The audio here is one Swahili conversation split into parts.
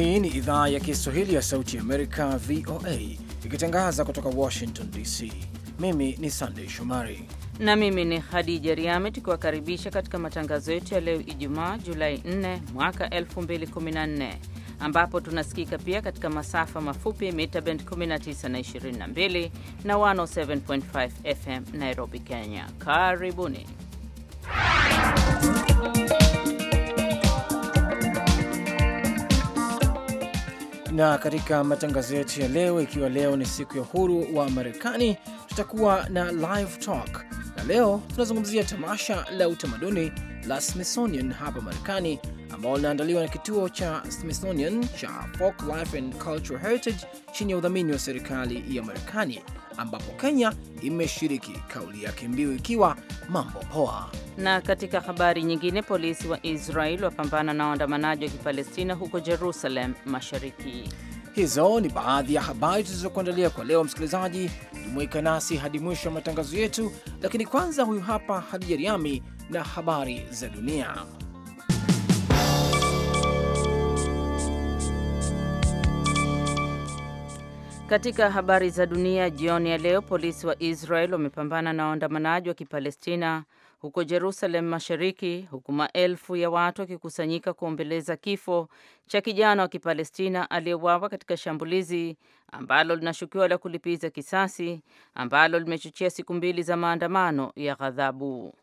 Hii ni idhaa ya Kiswahili ya Sauti Amerika, VOA, ikitangaza kutoka Washington DC. Mimi ni sandey Shomari na mimi ni Hadija Riami, tukiwakaribisha katika matangazo yetu ya leo Ijumaa Julai 4 mwaka 2014 ambapo tunasikika pia katika masafa mafupi mita bend 19 na 22 na 107.5 FM Nairobi, Kenya. Karibuni na katika matangazo yetu ya leo, ikiwa leo ni siku ya uhuru wa Marekani, tutakuwa na live talk, na leo tunazungumzia tamasha la utamaduni la Smithsonian hapa Marekani, ambao linaandaliwa na kituo cha Smithsonian cha Folk Life and Cultural Heritage chini ya udhamini wa serikali ya Marekani ambapo Kenya imeshiriki, kauli yake mbiu ikiwa mambo poa. Na katika habari nyingine, polisi wa Israel wapambana na waandamanaji wa Kipalestina huko Jerusalem Mashariki. Hizo ni baadhi ya habari tulizokuandalia kwa leo. Msikilizaji, jumuika nasi hadi mwisho wa matangazo yetu, lakini kwanza, huyu hapa Hadija Riami na habari za dunia. Katika habari za dunia jioni ya leo, polisi wa Israel wamepambana na waandamanaji wa Kipalestina huko Jerusalem Mashariki, huku maelfu ya watu wakikusanyika kuombeleza kifo cha kijana wa Kipalestina aliyeuawa katika shambulizi ambalo linashukiwa la kulipiza kisasi ambalo limechochea siku mbili za maandamano ya ghadhabu.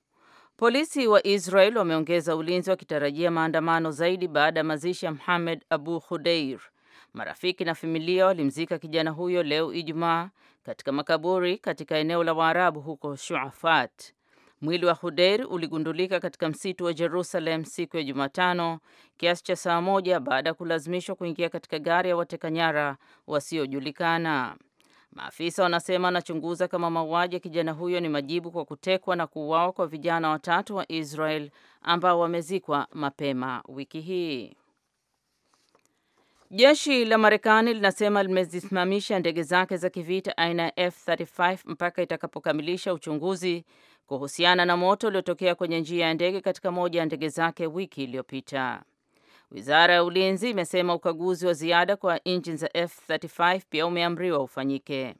Polisi wa Israel wameongeza ulinzi wakitarajia maandamano zaidi baada ya mazishi ya Mohamed Abu Khudeir, Marafiki na familia walimzika kijana huyo leo Ijumaa katika makaburi katika eneo la Waarabu huko Shuafat. Mwili wa Hudeir uligundulika katika msitu wa Jerusalem siku ya Jumatano kiasi cha saa moja baada ya kulazimishwa kuingia katika gari ya watekanyara wasiojulikana. Maafisa wanasema anachunguza kama mauaji ya kijana huyo ni majibu kwa kutekwa na kuuawa kwa vijana watatu wa Israel ambao wamezikwa mapema wiki hii. Jeshi la Marekani linasema limezisimamisha ndege zake za kivita aina ya F35 mpaka itakapokamilisha uchunguzi kuhusiana na moto uliotokea kwenye njia ya ndege katika moja ya ndege zake wiki iliyopita. Wizara ya Ulinzi imesema ukaguzi wa ziada kwa injini za F35 pia umeamriwa ufanyike.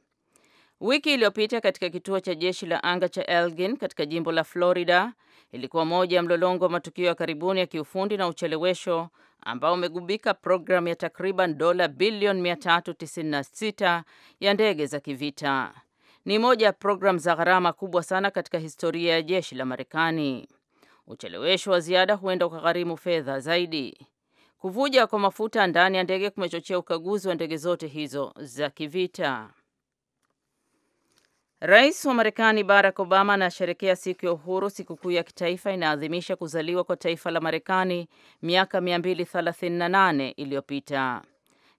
Wiki iliyopita katika kituo cha jeshi la anga cha Elgin katika jimbo la Florida, ilikuwa moja ya mlolongo wa matukio ya karibuni ya kiufundi na uchelewesho ambao umegubika programu ya takriban dola bilioni 396 ya ndege za kivita. Ni moja ya programu za gharama kubwa sana katika historia ya jeshi la Marekani. Uchelewesho wa ziada huenda ukagharimu fedha zaidi. Kuvuja kwa mafuta ndani ya ndege kumechochea ukaguzi wa ndege zote hizo za kivita. Rais wa Marekani Barack Obama anasherekea siku ya uhuru. Sikukuu ya kitaifa inaadhimisha kuzaliwa kwa taifa la Marekani miaka 238 iliyopita.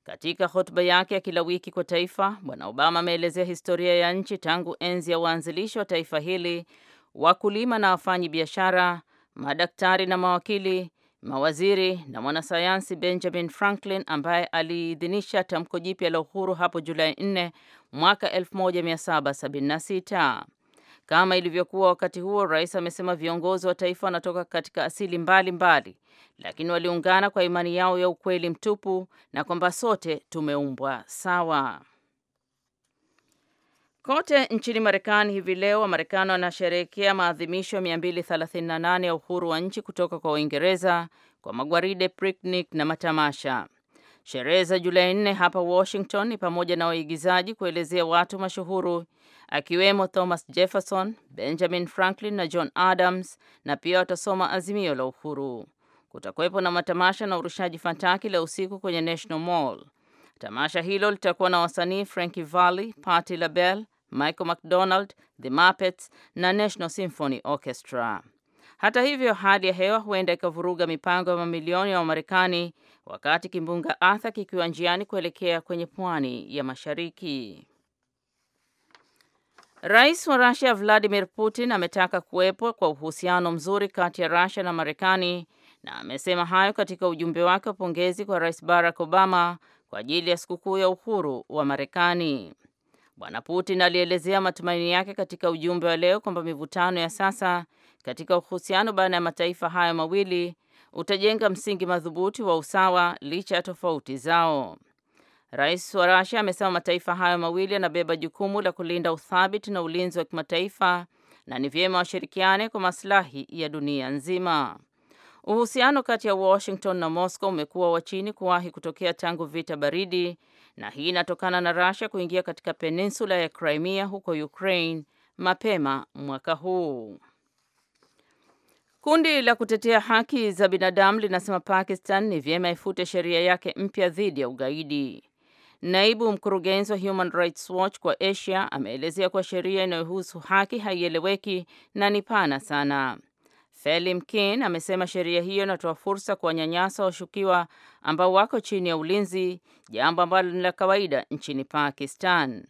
Katika hotuba yake ya kila wiki kwa taifa, Bwana Obama ameelezea historia ya nchi tangu enzi ya waanzilishi wa taifa hili, wakulima na wafanyi biashara, madaktari na mawakili, Mawaziri na mwanasayansi Benjamin Franklin ambaye aliidhinisha tamko jipya la uhuru hapo Julai 4 mwaka 1776. Kama ilivyokuwa wakati huo, rais amesema viongozi wa taifa wanatoka katika asili mbalimbali mbali, lakini waliungana kwa imani yao ya ukweli mtupu na kwamba sote tumeumbwa sawa. Kote nchini Marekani hivi leo Wamarekani wanasherehekea maadhimisho 238 ya uhuru wa nchi kutoka kwa Uingereza kwa magwaride, picnic na matamasha. Sherehe za Julai 4 hapa Washington ni pamoja na waigizaji kuelezea watu mashuhuru akiwemo Thomas Jefferson, Benjamin Franklin na John Adams, na pia watasoma azimio la uhuru. Kutakuwepo na matamasha na urushaji fantaki la usiku kwenye National Mall. Tamasha hilo litakuwa na wasanii Frankie Valli, Patti LaBelle, Michael McDonald, The Muppets na National Symphony Orchestra. Hata hivyo, hali ya hewa huenda ikavuruga mipango ya mamilioni ya Wamarekani wakati kimbunga Arthur kikiwa njiani kuelekea kwenye pwani ya mashariki. Rais wa Russia Vladimir Putin ametaka kuwepo kwa uhusiano mzuri kati ya Russia na Marekani na amesema hayo katika ujumbe wake wa pongezi kwa Rais Barack Obama kwa ajili ya sikukuu ya uhuru wa Marekani. Bwana Putin alielezea matumaini yake katika ujumbe wa leo kwamba mivutano ya sasa katika uhusiano baina ya mataifa hayo mawili utajenga msingi madhubuti wa usawa licha ya tofauti zao. Rais wa Russia amesema mataifa hayo mawili yanabeba jukumu la kulinda uthabiti na ulinzi wa kimataifa na ni vyema washirikiane kwa maslahi ya dunia nzima. Uhusiano kati ya Washington na Moscow umekuwa wa chini kuwahi kutokea tangu vita baridi na hii inatokana na Russia kuingia katika peninsula ya Crimea huko Ukraine mapema mwaka huu. Kundi la kutetea haki za binadamu linasema Pakistan ni vyema ifute sheria yake mpya dhidi ya ugaidi. Naibu mkurugenzi wa Human Rights Watch kwa Asia ameelezea kuwa sheria inayohusu haki haieleweki na ni pana sana. Felim Kin amesema sheria hiyo inatoa fursa kwa wanyanyasa washukiwa ambao wako chini ya ulinzi, jambo ambalo ni la kawaida nchini Pakistan.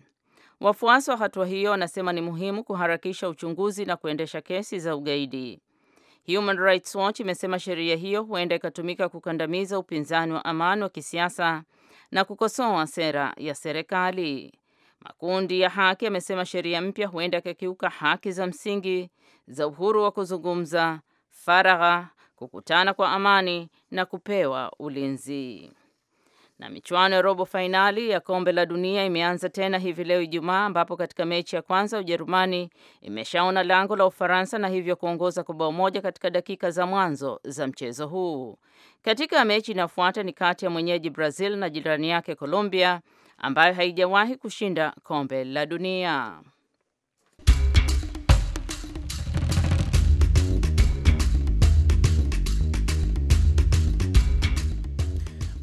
Wafuasi wa hatua hiyo wanasema ni muhimu kuharakisha uchunguzi na kuendesha kesi za ugaidi. Human Rights Watch imesema sheria hiyo huenda ikatumika kukandamiza upinzani wa amani wa kisiasa na kukosoa sera ya serikali. Makundi ya haki yamesema sheria mpya huenda ikakiuka haki za msingi za uhuru wa kuzungumza, faragha, kukutana kwa amani na kupewa ulinzi. Na michuano ya robo fainali ya kombe la dunia imeanza tena hivi leo Ijumaa, ambapo katika mechi ya kwanza Ujerumani imeshaona lango la Ufaransa na hivyo kuongoza kwa bao moja katika dakika za mwanzo za mchezo huu. Katika mechi inayofuata ni kati ya mwenyeji Brazil na jirani yake Colombia ambayo haijawahi kushinda kombe la dunia.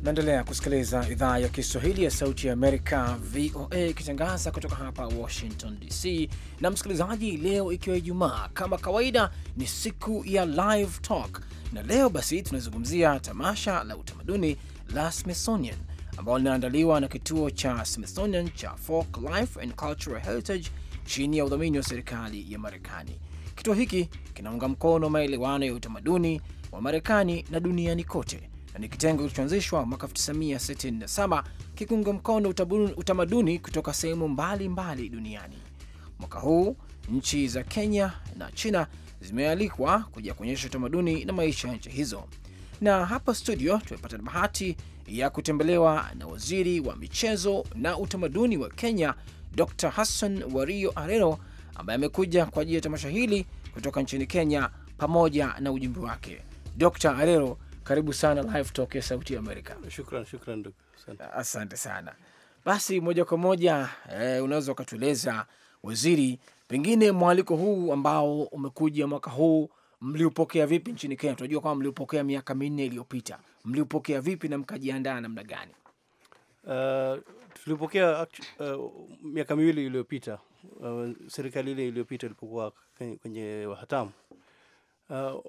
Naendelea kusikiliza idhaa ya Kiswahili ya Sauti ya Amerika, VOA, ikitangaza kutoka hapa Washington DC. Na msikilizaji, leo ikiwa Ijumaa, kama kawaida, ni siku ya Live Talk, na leo basi tunazungumzia tamasha la utamaduni la Smithsonian ambao linaandaliwa na kituo cha Smithsonian cha Folk Life and Cultural Heritage chini ya udhamini wa serikali ya Marekani. Kituo hiki kinaunga mkono maelewano ya utamaduni wa Marekani na duniani kote na ni kitengo kilichoanzishwa mwaka 1967 kikiunga mkono utamaduni kutoka sehemu mbalimbali duniani. Mwaka huu nchi za Kenya na China zimealikwa kuja kuonyesha utamaduni na maisha ya nchi hizo. Na hapa studio tumepata bahati ya kutembelewa na waziri wa michezo na utamaduni wa Kenya Dr. Hassan Wario Arero ambaye amekuja kwa ajili ya tamasha hili kutoka nchini Kenya pamoja na ujumbe wake. Dr. Arero, karibu sana Live Talk ya Sauti ya Amerika. Shukran, shukran Asante sana. Basi moja kwa moja eh, unaweza ukatueleza waziri, pengine mwaliko huu ambao umekuja mwaka huu mliupokea vipi nchini Kenya? Tunajua kwamba mliupokea miaka minne iliyopita, mliupokea vipi na mkajiandaa namna gani? Uh, tulipokea uh, miaka miwili iliyopita uh, serikali ile iliyopita ilipokuwa kwenye hatamu uh,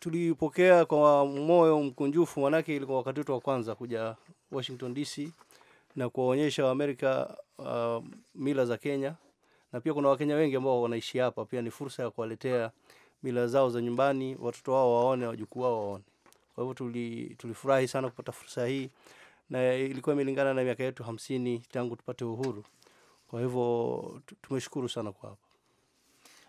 tulipokea kwa moyo mkunjufu, manake ilikuwa wakati wetu wa kwanza kuja Washington DC na kuwaonyesha Waamerika uh, mila za Kenya, na pia kuna Wakenya wengi ambao wanaishi hapa, pia ni fursa ya kuwaletea mila zao za nyumbani, watoto wao waone, wajukuu wao waone. Kwa hivyo tulifurahi tuli sana kupata fursa hii, na ilikuwa imelingana na miaka yetu hamsini tangu tupate uhuru. Kwa hivyo tumeshukuru sana kwa hapo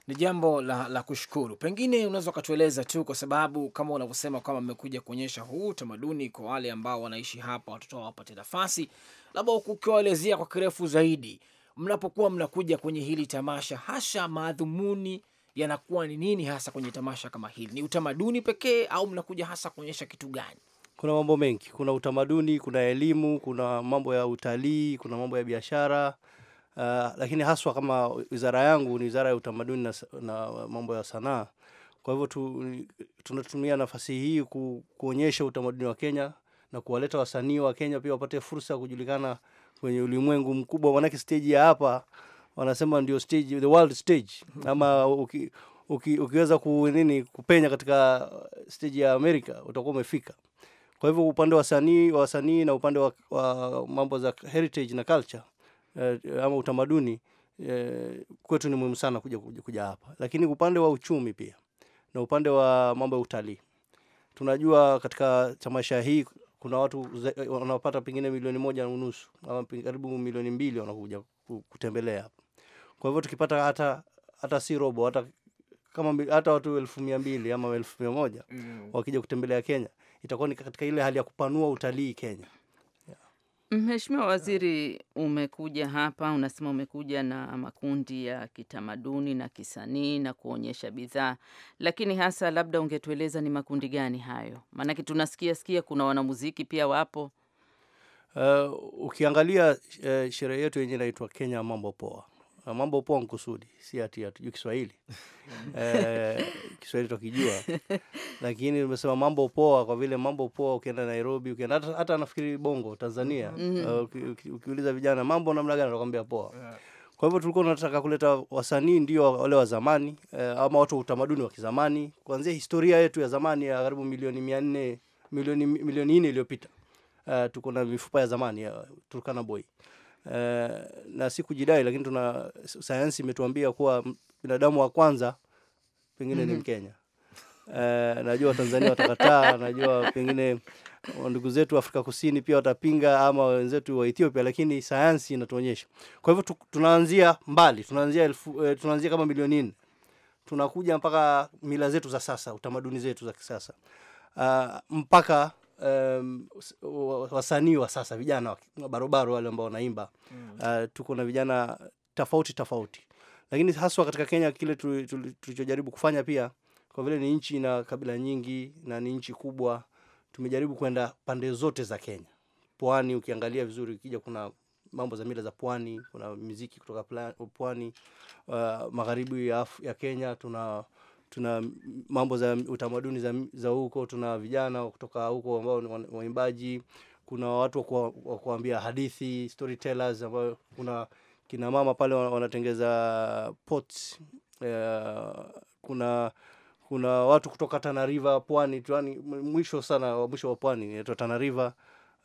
ni jambo la, la kushukuru. Pengine unaweza ukatueleza tu, kwa sababu kama unavyosema kwamba mmekuja kuonyesha huu utamaduni kwa wale ambao wanaishi hapa, watoto wapate nafasi, labda ukiwaelezea kwa kirefu zaidi, mnapokuwa mnakuja kwenye hili tamasha, hasha madhumuni yanakuwa ni nini hasa kwenye tamasha kama hili? Ni utamaduni pekee au mnakuja hasa kuonyesha kitu gani? Kuna mambo mengi, kuna utamaduni, kuna elimu, kuna mambo ya utalii, kuna mambo ya biashara. Uh, lakini haswa kama wizara yangu ni wizara ya utamaduni na, na mambo ya sanaa. Kwa hivyo tu, tunatumia nafasi hii ku, kuonyesha utamaduni wa Kenya na kuwaleta wasanii wa Kenya pia wapate fursa ya kujulikana kwenye ulimwengu mkubwa, maanake steji ya hapa wanasema ndio stage, the world stage ama uki, uki, ukiweza ku, nini kupenya katika stage ya Amerika utakuwa umefika. Kwa hivyo upande wa wasanii wa wasanii na upande wa, wa mambo za heritage na culture eh, ama utamaduni eh, kwetu ni muhimu sana kuja, kuja, kuja hapa, lakini upande wa uchumi pia na upande wa mambo ya utalii tunajua katika tamasha hii kuna watu wanapata pengine milioni moja na nusu ama karibu milioni mbili wanakuja kutembelea hapa. Kwa hivyo tukipata hata hata si robo hata kama hata watu elfu mia mbili ama elfu mia moja mm. wakija kutembelea Kenya itakuwa ni katika ile hali ya kupanua utalii Kenya. Yeah. Mheshimiwa Waziri, umekuja hapa unasema umekuja na makundi ya kitamaduni na kisanii na kuonyesha bidhaa, lakini hasa labda ungetueleza ni makundi gani hayo? Maanake tunasikia sikia kuna wanamuziki pia wapo. Uh, ukiangalia uh, sherehe yetu yenye inaitwa Kenya Mambo Poa Ah, mambo poa nkusudi, si ati hatujui Kiswahili eh, Kiswahili tukijua, lakini umesema mambo poa. Kwa vile mambo poa, ukienda Nairobi, ukienda hata nafikiri Bongo Tanzania, mm -hmm. uh, ukiuliza vijana mambo namna gani, atakwambia poa. yeah. Kwa hivyo tulikuwa tunataka kuleta wasanii ndio wale wa zamani eh, ama watu wa utamaduni wa kizamani, kuanzia historia yetu ya zamani ya karibu milioni mia nne milioni milioni nne iliyopita. Uh, tuko na mifupa ya zamani ya Turkana Boy Eh, na si kujidai, lakini tuna sayansi imetuambia kuwa binadamu wa kwanza pengine mm -hmm. ni mhm. Mkenya. e, najua tanzania watakataa, najua pengine ndugu zetu Afrika Kusini pia watapinga, ama wenzetu wa Ethiopia, lakini sayansi inatuonyesha. Kwa hivyo tunaanzia mbali, tunaanzia e, tunaanzia kama milioni nne tunakuja mpaka mila zetu za sasa, utamaduni zetu za kisasa uh, mpaka um, wasanii wa sasa vijana barobaro wale ambao wanaimba mm. uh, tuko na vijana tofauti tofauti, lakini haswa katika Kenya kile tulichojaribu kufanya pia, kwa vile ni nchi na kabila nyingi na ni nchi kubwa, tumejaribu kwenda pande zote za Kenya. Pwani ukiangalia vizuri, ukija kuna mambo za mila za pwani, kuna miziki kutoka pwani. Uh, magharibi ya, ya Kenya tuna tuna mambo za utamaduni za, za huko, tuna vijana kutoka huko ambao ni waimbaji, kuna watu wa kuambia hadithi storytellers, ambao kuna kina mama pale wanatengeza pots uh, eh, kuna kuna watu kutoka Tana River pwani, tuani, mwisho sana mwisho wa pwani inaitwa Tana River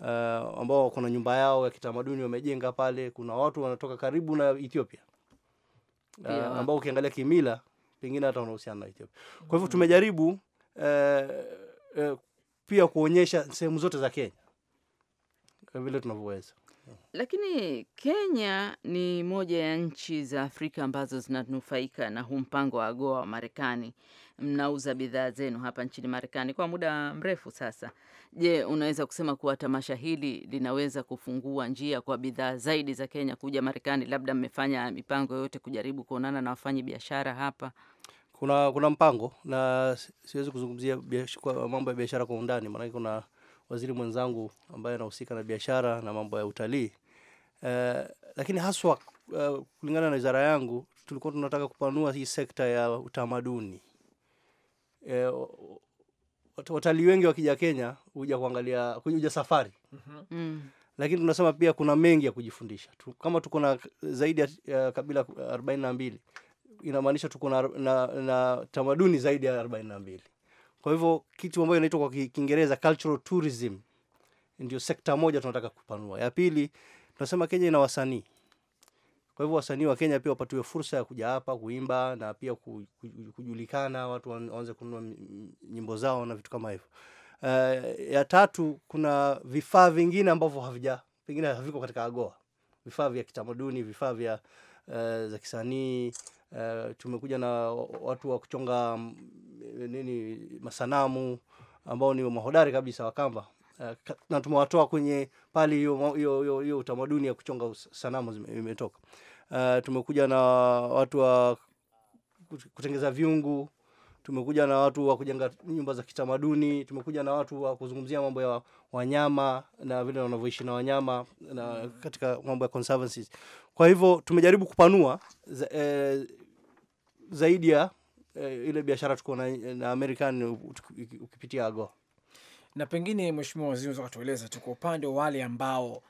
uh, ambao kuna nyumba yao ya kitamaduni wamejenga pale. Kuna watu wanatoka karibu na Ethiopia uh, ambao ukiangalia kimila pengine hata wanahusiana na Ethiopia. Kwa hivyo mm. tumejaribu eh, eh, pia kuonyesha sehemu zote za Kenya vile tunavyoweza. Lakini Kenya ni moja ya nchi za Afrika ambazo zinanufaika na huu mpango wa AGOA wa Marekani. Mnauza bidhaa zenu hapa nchini Marekani kwa muda mrefu sasa. Je, unaweza kusema kuwa tamasha hili linaweza kufungua njia kwa bidhaa zaidi za Kenya kuja Marekani? Labda mmefanya mipango yote kujaribu kuonana na wafanyi biashara hapa? kuna, kuna mpango na siwezi kuzungumzia mambo ya biashara kwa undani, maanake kuna waziri mwenzangu ambaye anahusika na biashara na mambo ya utalii uh, lakini haswa uh, kulingana na wizara yangu tulikuwa tunataka kupanua hii sekta ya utamaduni uh, watalii wengi wakija Kenya huja kuangalia huja safari mm. Lakini tunasema pia kuna mengi ya kujifundisha tu, kama tuko na zaidi ya kabila arobaini na mbili inamaanisha tuko na, na, na tamaduni zaidi ya 42. Kwa hivyo kitu ambayo inaitwa kwa Kiingereza cultural tourism ndio sekta moja tunataka kupanua. Ya pili tunasema Kenya ina wasanii. Kwa hivyo wasanii wa Kenya pia wapatiwe fursa ya kuja hapa kuimba na pia kujulikana, watu waanze kununua nyimbo zao na vitu kama hivyo. Uh, ya tatu kuna vifaa vingine ambavyo havija pengine haviko katika AGOA, vifaa vya kitamaduni, vifaa vya uh, za kisanii Eh, tumekuja na watu wa kuchonga eh, nini masanamu ambao ni mahodari kabisa Wakamba uh, eh, na tumewatoa kwenye pali hiyo utamaduni ya kuchonga sanamu imetoka. Uh, tumekuja na watu wa kutengeza viungu, tumekuja na watu wa kujenga nyumba za kitamaduni, tumekuja na watu wa kuzungumzia mambo ya wanyama na vile wanavyoishi na wanyama na katika mambo ya conservancies. Kwa hivyo tumejaribu kupanua eh, zaidi ya eh, ile biashara tuko na, na American ukipitia ago. Na pengine Mheshimiwa Waziri, unaweza kutueleza tu kwa upande wa wale ambao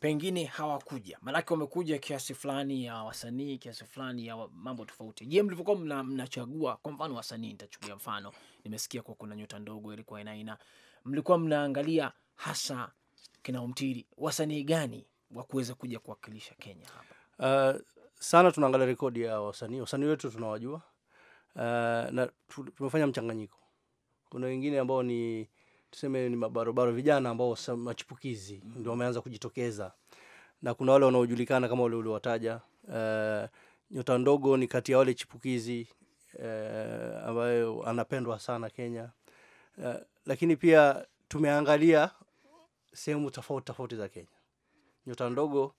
pengine hawakuja, maanake wamekuja kiasi fulani ya wasanii, kiasi fulani ya mambo tofauti. Je, mlivyokuwa mna, mnachagua kwa mfano wasanii, nitachukulia mfano, nimesikia kwa kuna nyota ndogo ilikuwa ina mlikuwa mnaangalia hasa kinaumtiri wasanii gani wa kuweza kuja kuwakilisha Kenya hapa? Uh, sana tunaangalia rekodi ya wasanii. Wasanii wetu tunawajua, uh, na tumefanya mchanganyiko. Kuna wengine ambao ni tuseme ni mabarobaro, vijana ambao machipukizi mm. ndio wameanza kujitokeza, na kuna wale wanaojulikana kama wale uliowataja. Uh, nyota ndogo ni kati ya wale chipukizi uh, ambayo anapendwa sana Kenya. Uh, lakini pia tumeangalia sehemu tofauti tofauti za Kenya. Nyota ndogo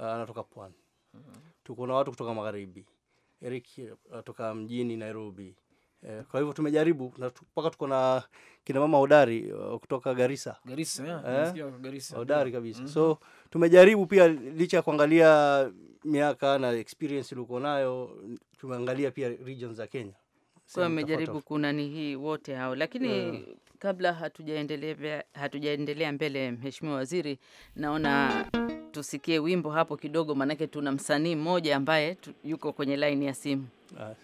anatoka pwani. Mm-hmm tuko na watu kutoka magharibi, Eric eh, kutoka mjini Nairobi. Eh, kwa hivyo tumejaribu mpaka tuko na kina mama hodari eh, kutoka Garissa. Garissa, yeah. Eh, Garissa. Hodari kabisa. Mm -hmm. So tumejaribu pia licha ya kuangalia miaka na experience uliko nayo tumeangalia pia region za Kenya. Kwa mmejaribu kuna ni hii wote hao lakini yeah. Kabla hatujaendelea hatujaendelea mbele, Mheshimiwa Waziri, naona tusikie wimbo hapo kidogo, maanake tuna msanii mmoja ambaye yuko kwenye laini ya simu. Ah,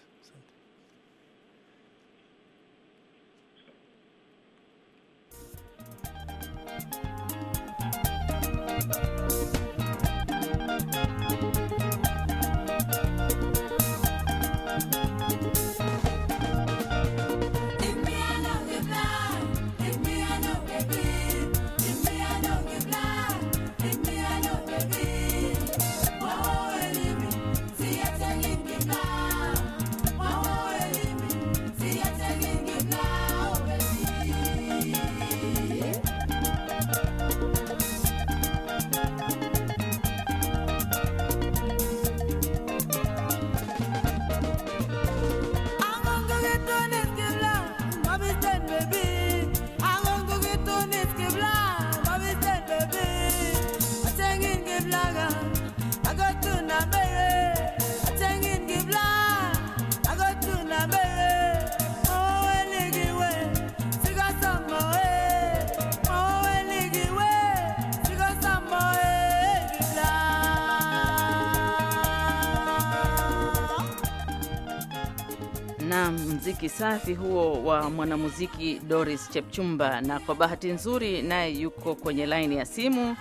muziki safi huo wa mwanamuziki Doris Chepchumba, na kwa bahati nzuri naye yuko kwenye laini ya simu,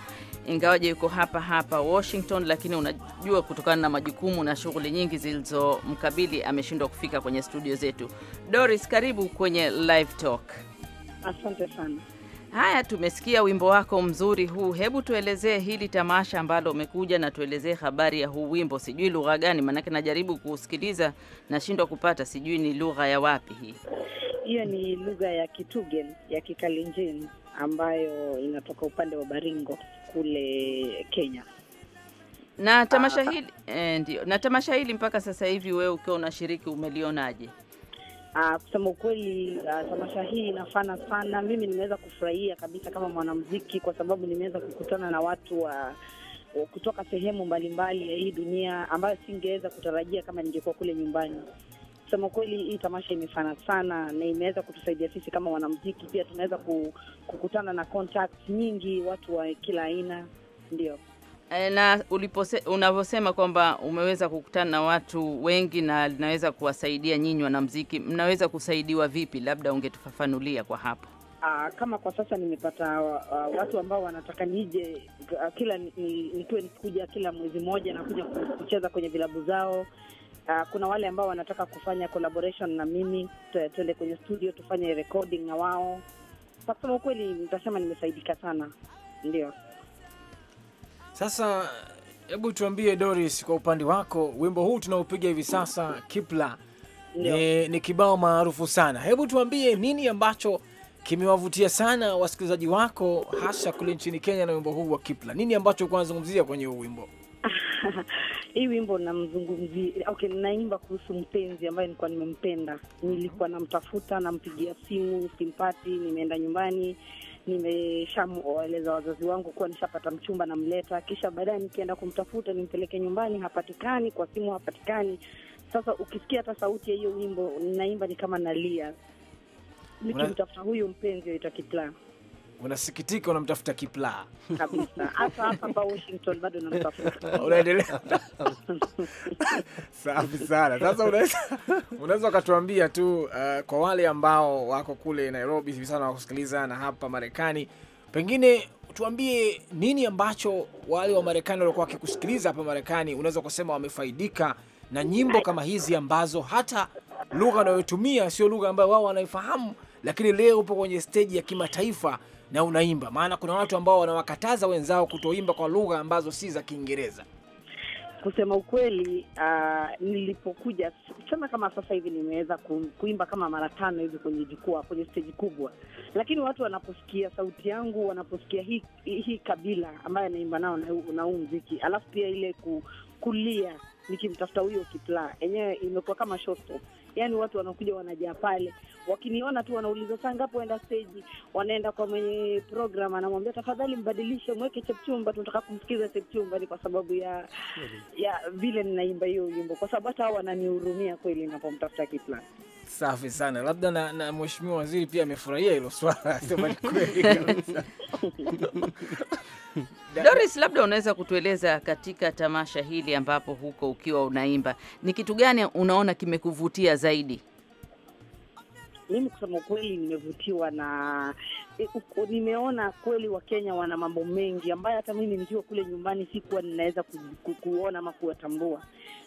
ingawaje yuko hapa hapa Washington, lakini unajua, kutokana na majukumu na shughuli nyingi zilizomkabili ameshindwa kufika kwenye studio zetu. Doris, karibu kwenye Live Talk. Asante sana. Haya, tumesikia wimbo wako mzuri huu. Hebu tuelezee hili tamasha ambalo umekuja na tuelezee habari ya huu wimbo. Sijui lugha gani, maanake najaribu kuusikiliza nashindwa kupata, sijui ni lugha ya wapi hii. Hiyo ni lugha ya Kitugen ya Kikalinjin ambayo inatoka upande wa Baringo kule Kenya. Na tamasha ah, hili eh, ndio. Na tamasha hili mpaka sasa hivi wewe ukiwa unashiriki umelionaje? Uh, kusema ukweli uh, tamasha hii inafana sana. Mimi nimeweza kufurahia kabisa kama mwanamuziki, kwa sababu nimeweza kukutana na watu wa uh, kutoka sehemu mbalimbali ya hii dunia ambayo singeweza kutarajia kama ningekuwa kule nyumbani. Kusema kweli, hii tamasha imefana sana na imeweza kutusaidia sisi kama wanamuziki pia, tunaweza kukutana na contacts nyingi, watu wa kila aina, ndio. Eh, na ulipose, unavyosema kwamba umeweza kukutana na watu wengi na linaweza kuwasaidia nyinyi wanamziki mnaweza kusaidiwa vipi? Labda ungetufafanulia kwa hapo. Aa, ah, kama kwa sasa nimepata uh, watu ambao wanataka nije uh, kila nikiwe nikuja kila mwezi mmoja na kuja kucheza kwenye vilabu zao. Uh, kuna wale ambao wanataka kufanya collaboration na mimi, tuende kwenye studio tufanye recording na wao. Kwa kusema ukweli, nitasema nimesaidika sana, ndio. Sasa hebu tuambie Doris, kwa upande wako wimbo huu tunaopiga hivi sasa Kipla ni, ni kibao maarufu sana. Hebu tuambie nini ambacho kimewavutia sana wasikilizaji wako hasa kule nchini Kenya na wimbo huu wa Kipla, nini ambacho kuwanazungumzia kwenye huu wimbo? Hii wimbo namzungumzia, okay, naimba kuhusu mpenzi ambaye nilikuwa nimempenda, nilikuwa namtafuta, nampigia simu, simpati, nimeenda nyumbani nimeshamwaeleza wazazi wangu kuwa nishapata mchumba namleta, kisha baadaye nikienda kumtafuta nimpeleke nyumbani, hapatikani, kwa simu hapatikani. Sasa ukisikia hata sauti ya hiyo wimbo naimba ni kama nalia, nikimtafuta huyu mpenzi, aitwa Kiplaa unasikitika, unamtafuta kiplaa safi sana. Sasa unaweza ukatuambia tu uh, kwa wale ambao wako kule Nairobi hivi sana wakusikiliza na hapa Marekani, pengine tuambie nini ambacho wale wa Marekani waliokuwa wakikusikiliza hapa Marekani, unaweza ukasema wamefaidika na nyimbo kama hizi ambazo hata lugha unayotumia sio lugha ambayo wao wanaifahamu, lakini leo upo kwenye steji ya kimataifa na unaimba? Maana kuna watu ambao wanawakataza wenzao kutoimba kwa lugha ambazo si za Kiingereza. Kusema ukweli, uh, nilipokuja kusema kama sasa hivi nimeweza ku, kuimba kama mara tano hivi kwenye jukwaa, kwenye steji kubwa, lakini watu wanaposikia sauti yangu, wanaposikia hii hii kabila ambayo anaimba nao na huu mziki, alafu pia ile ku, kulia nikimtafuta huyo kiplaa enyewe imekuwa kama shoto yani watu wanakuja wanajaa pale, wakiniona tu wanauliza saa ngapi waenda steji, Wanaenda kwa mwenye program, anamwambia tafadhali mbadilishe, mweke Chepchumba, tunataka kumsikiza Chepchumba. Ni kwa sababu ya ya vile ninaimba hiyo wimbo, kwa sababu hata hao wananihurumia kweli, napomtafuta Kiplani. Safi sana, labda na, na mheshimiwa waziri pia amefurahia hilo swala sema ni kweli Doris, labda unaweza kutueleza katika tamasha hili ambapo huko ukiwa unaimba, ni kitu gani unaona kimekuvutia zaidi? mimi kusema ukweli nimevutiwa na e, uko, nimeona kweli Wakenya wana mambo mengi ambayo hata mimi nikiwa kule nyumbani sikuwa ninaweza ku, ku, kuona ama kuwatambua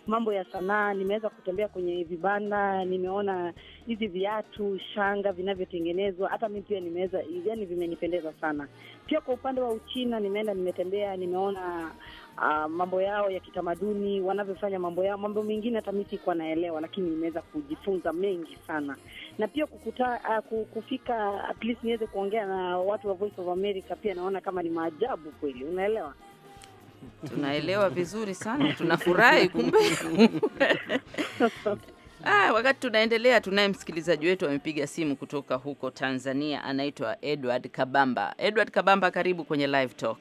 Mambo ya sanaa, nimeweza kutembea kwenye vibanda, nimeona hizi viatu, shanga vinavyotengenezwa, hata mii pia nimeweza, yani vimenipendeza sana. Pia kwa upande wa Uchina nimeenda, nimetembea, nimeona uh, mambo yao ya kitamaduni wanavyofanya mambo yao, mambo mengine hata mimi sikuwa naelewa, lakini nimeweza kujifunza mengi sana, na pia kukuta, uh, kufika at least niweze kuongea na watu wa Voice of America, pia naona kama ni maajabu kweli, unaelewa. Tunaelewa vizuri sana, tunafurahi kumbe. Ah, wakati tunaendelea, tunaye msikilizaji wetu amepiga simu kutoka huko Tanzania, anaitwa Edward Kabamba. Edward Kabamba, karibu kwenye live talk.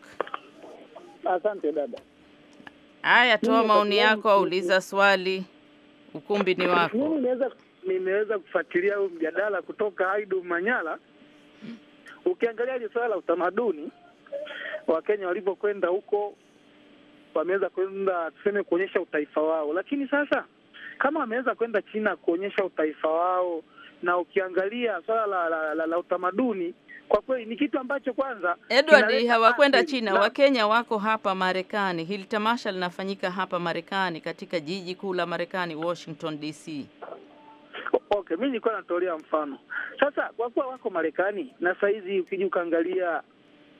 Asante dada. Haya, toa maoni yako uliza swali, ukumbi ni wako. Mimi nimeweza nimeweza kufuatilia huu mjadala kutoka Aidu Manyala. Ukiangalia hili swala la utamaduni, Wakenya walipokwenda huko wameweza kwenda tuseme kuonyesha utaifa wao, lakini sasa kama wameweza kwenda China kuonyesha utaifa wao, na ukiangalia swala la, la, la, la utamaduni kwa kweli ni kitu ambacho kwanza, Edward, hawakwenda China, Wakenya wako hapa Marekani. Hili tamasha linafanyika hapa Marekani, katika jiji kuu la Marekani, Washington DC. Okay, mimi nilikuwa natolea mfano sasa, kwa kuwa wako Marekani na saizi ukija ukaangalia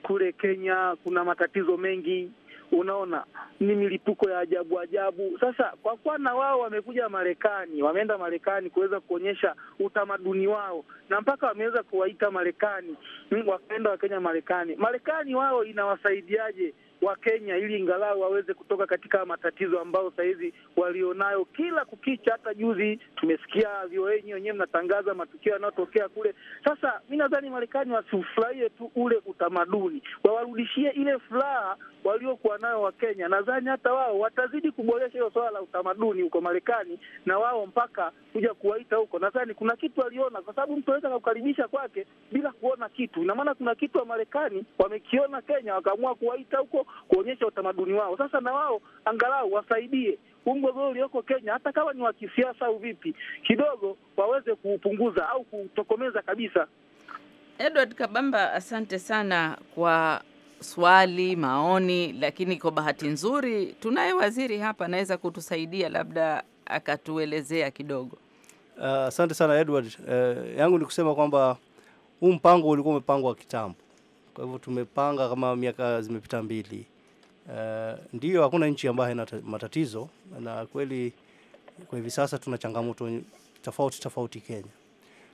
kule Kenya kuna matatizo mengi Unaona, ni milipuko ya ajabu ajabu. Sasa kwa kuwa na wao wamekuja Marekani, wameenda Marekani kuweza kuonyesha utamaduni wao, na mpaka wameweza kuwaita Marekani, mm, wakaenda Wakenya Marekani. Marekani wao inawasaidiaje? wa Kenya ili ingalau waweze kutoka katika matatizo ambayo sahizi walionayo kila kukicha. Hata juzi tumesikia vioenyi wenyewe mnatangaza matukio yanayotokea kule. Sasa mi nadhani Marekani wasifurahie tu ule utamaduni, wawarudishie ile furaha waliokuwa nayo Wakenya. Nadhani hata wao watazidi kuboresha hilo swala la utamaduni huko Marekani, na wao mpaka kuja kuwaita huko, nadhani kuna kitu waliona kwa sababu mtu anaweza kukaribisha kwake bila kuona kitu. Ina maana kuna kitu wa Marekani wamekiona Kenya, wakaamua kuwaita huko kuonyesha utamaduni wao. Sasa na wao angalau wasaidie huu mgogoro ulioko Kenya, hata kama ni wa kisiasa au vipi, kidogo waweze kuupunguza au kutokomeza kabisa. Edward Kabamba, asante sana kwa swali, maoni. Lakini kwa bahati nzuri tunaye waziri hapa, anaweza kutusaidia labda akatuelezea kidogo. Uh, asante uh, sana Edward. Uh, yangu ni kusema kwamba huu mpango ulikuwa umepangwa kitambo kwa hivyo tumepanga kama miaka zimepita mbili. Uh, ndio hakuna nchi ambayo haina matatizo na kweli kwa hivi sasa tuna changamoto tofauti tofauti Kenya,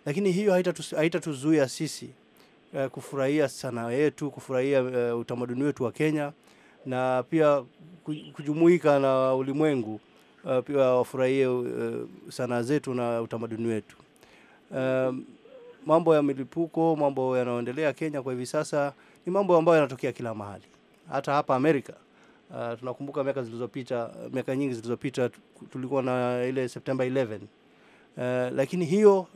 lakini hiyo haitatuzuia sisi uh, kufurahia sanaa yetu, kufurahia uh, utamaduni wetu wa Kenya na pia kujumuika na ulimwengu uh, pia wafurahie uh, sanaa zetu na utamaduni wetu um, mambo ya milipuko, mambo yanayoendelea Kenya kwa hivi sasa ni mambo ambayo yanatokea kila mahali, hata hapa Amerika. Uh, tunakumbuka miaka zilizopita, miaka nyingi zilizopita tulikuwa na ile September 11 uh, lakini hiyo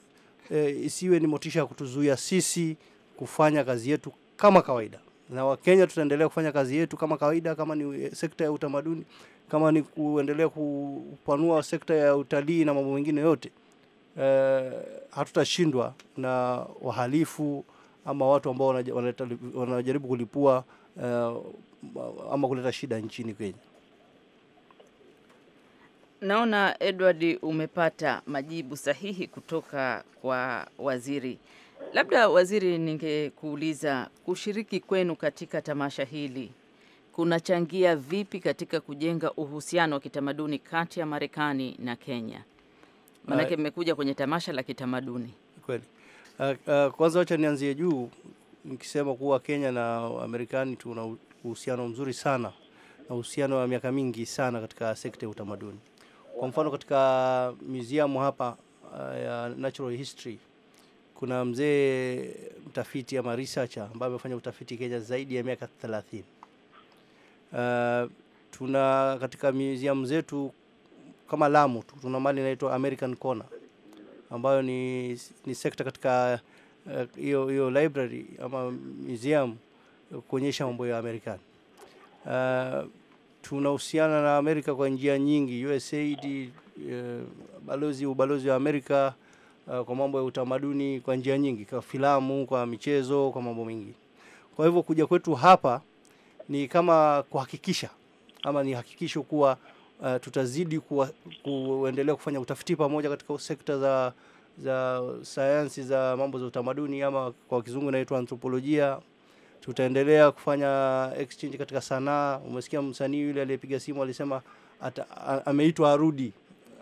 uh, isiwe ni motisha ya kutuzuia sisi kufanya kazi yetu kama kawaida, na Wakenya tutaendelea kufanya kazi yetu kama kawaida, kama ni eh, sekta ya utamaduni, kama ni kuendelea kupanua sekta ya utalii na mambo mengine yote eh, hatutashindwa na wahalifu ama watu ambao wanajaribu kulipua eh, ama kuleta shida nchini Kenya. Naona Edward, umepata majibu sahihi kutoka kwa waziri. Labda waziri, ningekuuliza kushiriki kwenu katika tamasha hili kunachangia vipi katika kujenga uhusiano wa kitamaduni kati ya Marekani na Kenya? maanake eh, mmekuja kwenye tamasha la kitamaduni kweli. Uh, uh, kwanza wacha nianzie juu nikisema kuwa Kenya na amerikani tuna uhusiano mzuri sana na uhusiano wa miaka mingi sana katika sekta ya utamaduni. Kwa mfano katika museum hapa ya uh, natural history kuna mzee mtafiti ama researcher ambaye amefanya utafiti Kenya zaidi ya miaka 30. Uh, tuna katika museum zetu kama Lamu tu tuna mali inaitwa American Corner ambayo ni, ni sekta katika eh, hiyo uh, hiyo library ama museum kuonyesha mambo ya Amerikani. Uh, eh, tunahusiana na Amerika kwa njia nyingi, USAID uh, eh, balozi ubalozi wa Amerika uh, kwa mambo ya utamaduni kwa njia nyingi, kwa filamu, kwa michezo, kwa mambo mengine. Kwa hivyo kuja kwetu hapa ni kama kuhakikisha ama ni hakikisho kuwa uh, tutazidi kuwa, kuendelea kufanya utafiti pamoja katika sekta za za sayansi za mambo za utamaduni ama kwa kizungu inaitwa anthropolojia. Tutaendelea kufanya exchange katika sanaa. Umesikia msanii yule aliyepiga simu alisema ameitwa arudi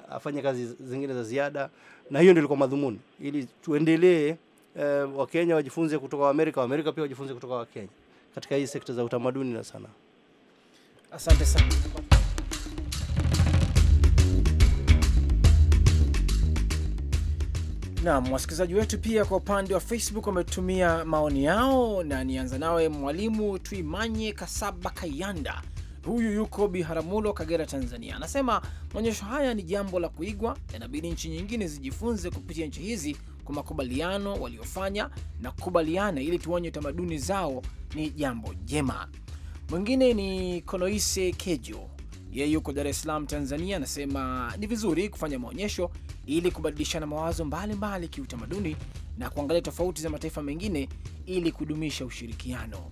afanye kazi zingine za ziada, na hiyo ndio ilikuwa madhumuni, ili tuendelee eh, Wakenya wajifunze kutoka Waamerika, Waamerika pia wajifunze kutoka Wakenya katika hii sekta za utamaduni na sanaa. Asante sana. Naam, wasikilizaji wetu pia kwa upande wa Facebook wametumia maoni yao, na nianza nawe Mwalimu Tuimanye Kasaba Kayanda, huyu yuko Biharamulo, Kagera, Tanzania. Anasema maonyesho haya ni jambo la kuigwa, yanabidi nchi nyingine zijifunze kupitia nchi hizi kwa makubaliano waliofanya na kukubaliana, ili tuonye tamaduni zao, ni jambo jema. Mwingine ni Konoise Kejo yeye yuko Dar es Salaam, Tanzania, anasema ni vizuri kufanya maonyesho ili kubadilishana mawazo mbalimbali kiutamaduni na kuangalia tofauti za mataifa mengine ili kudumisha ushirikiano.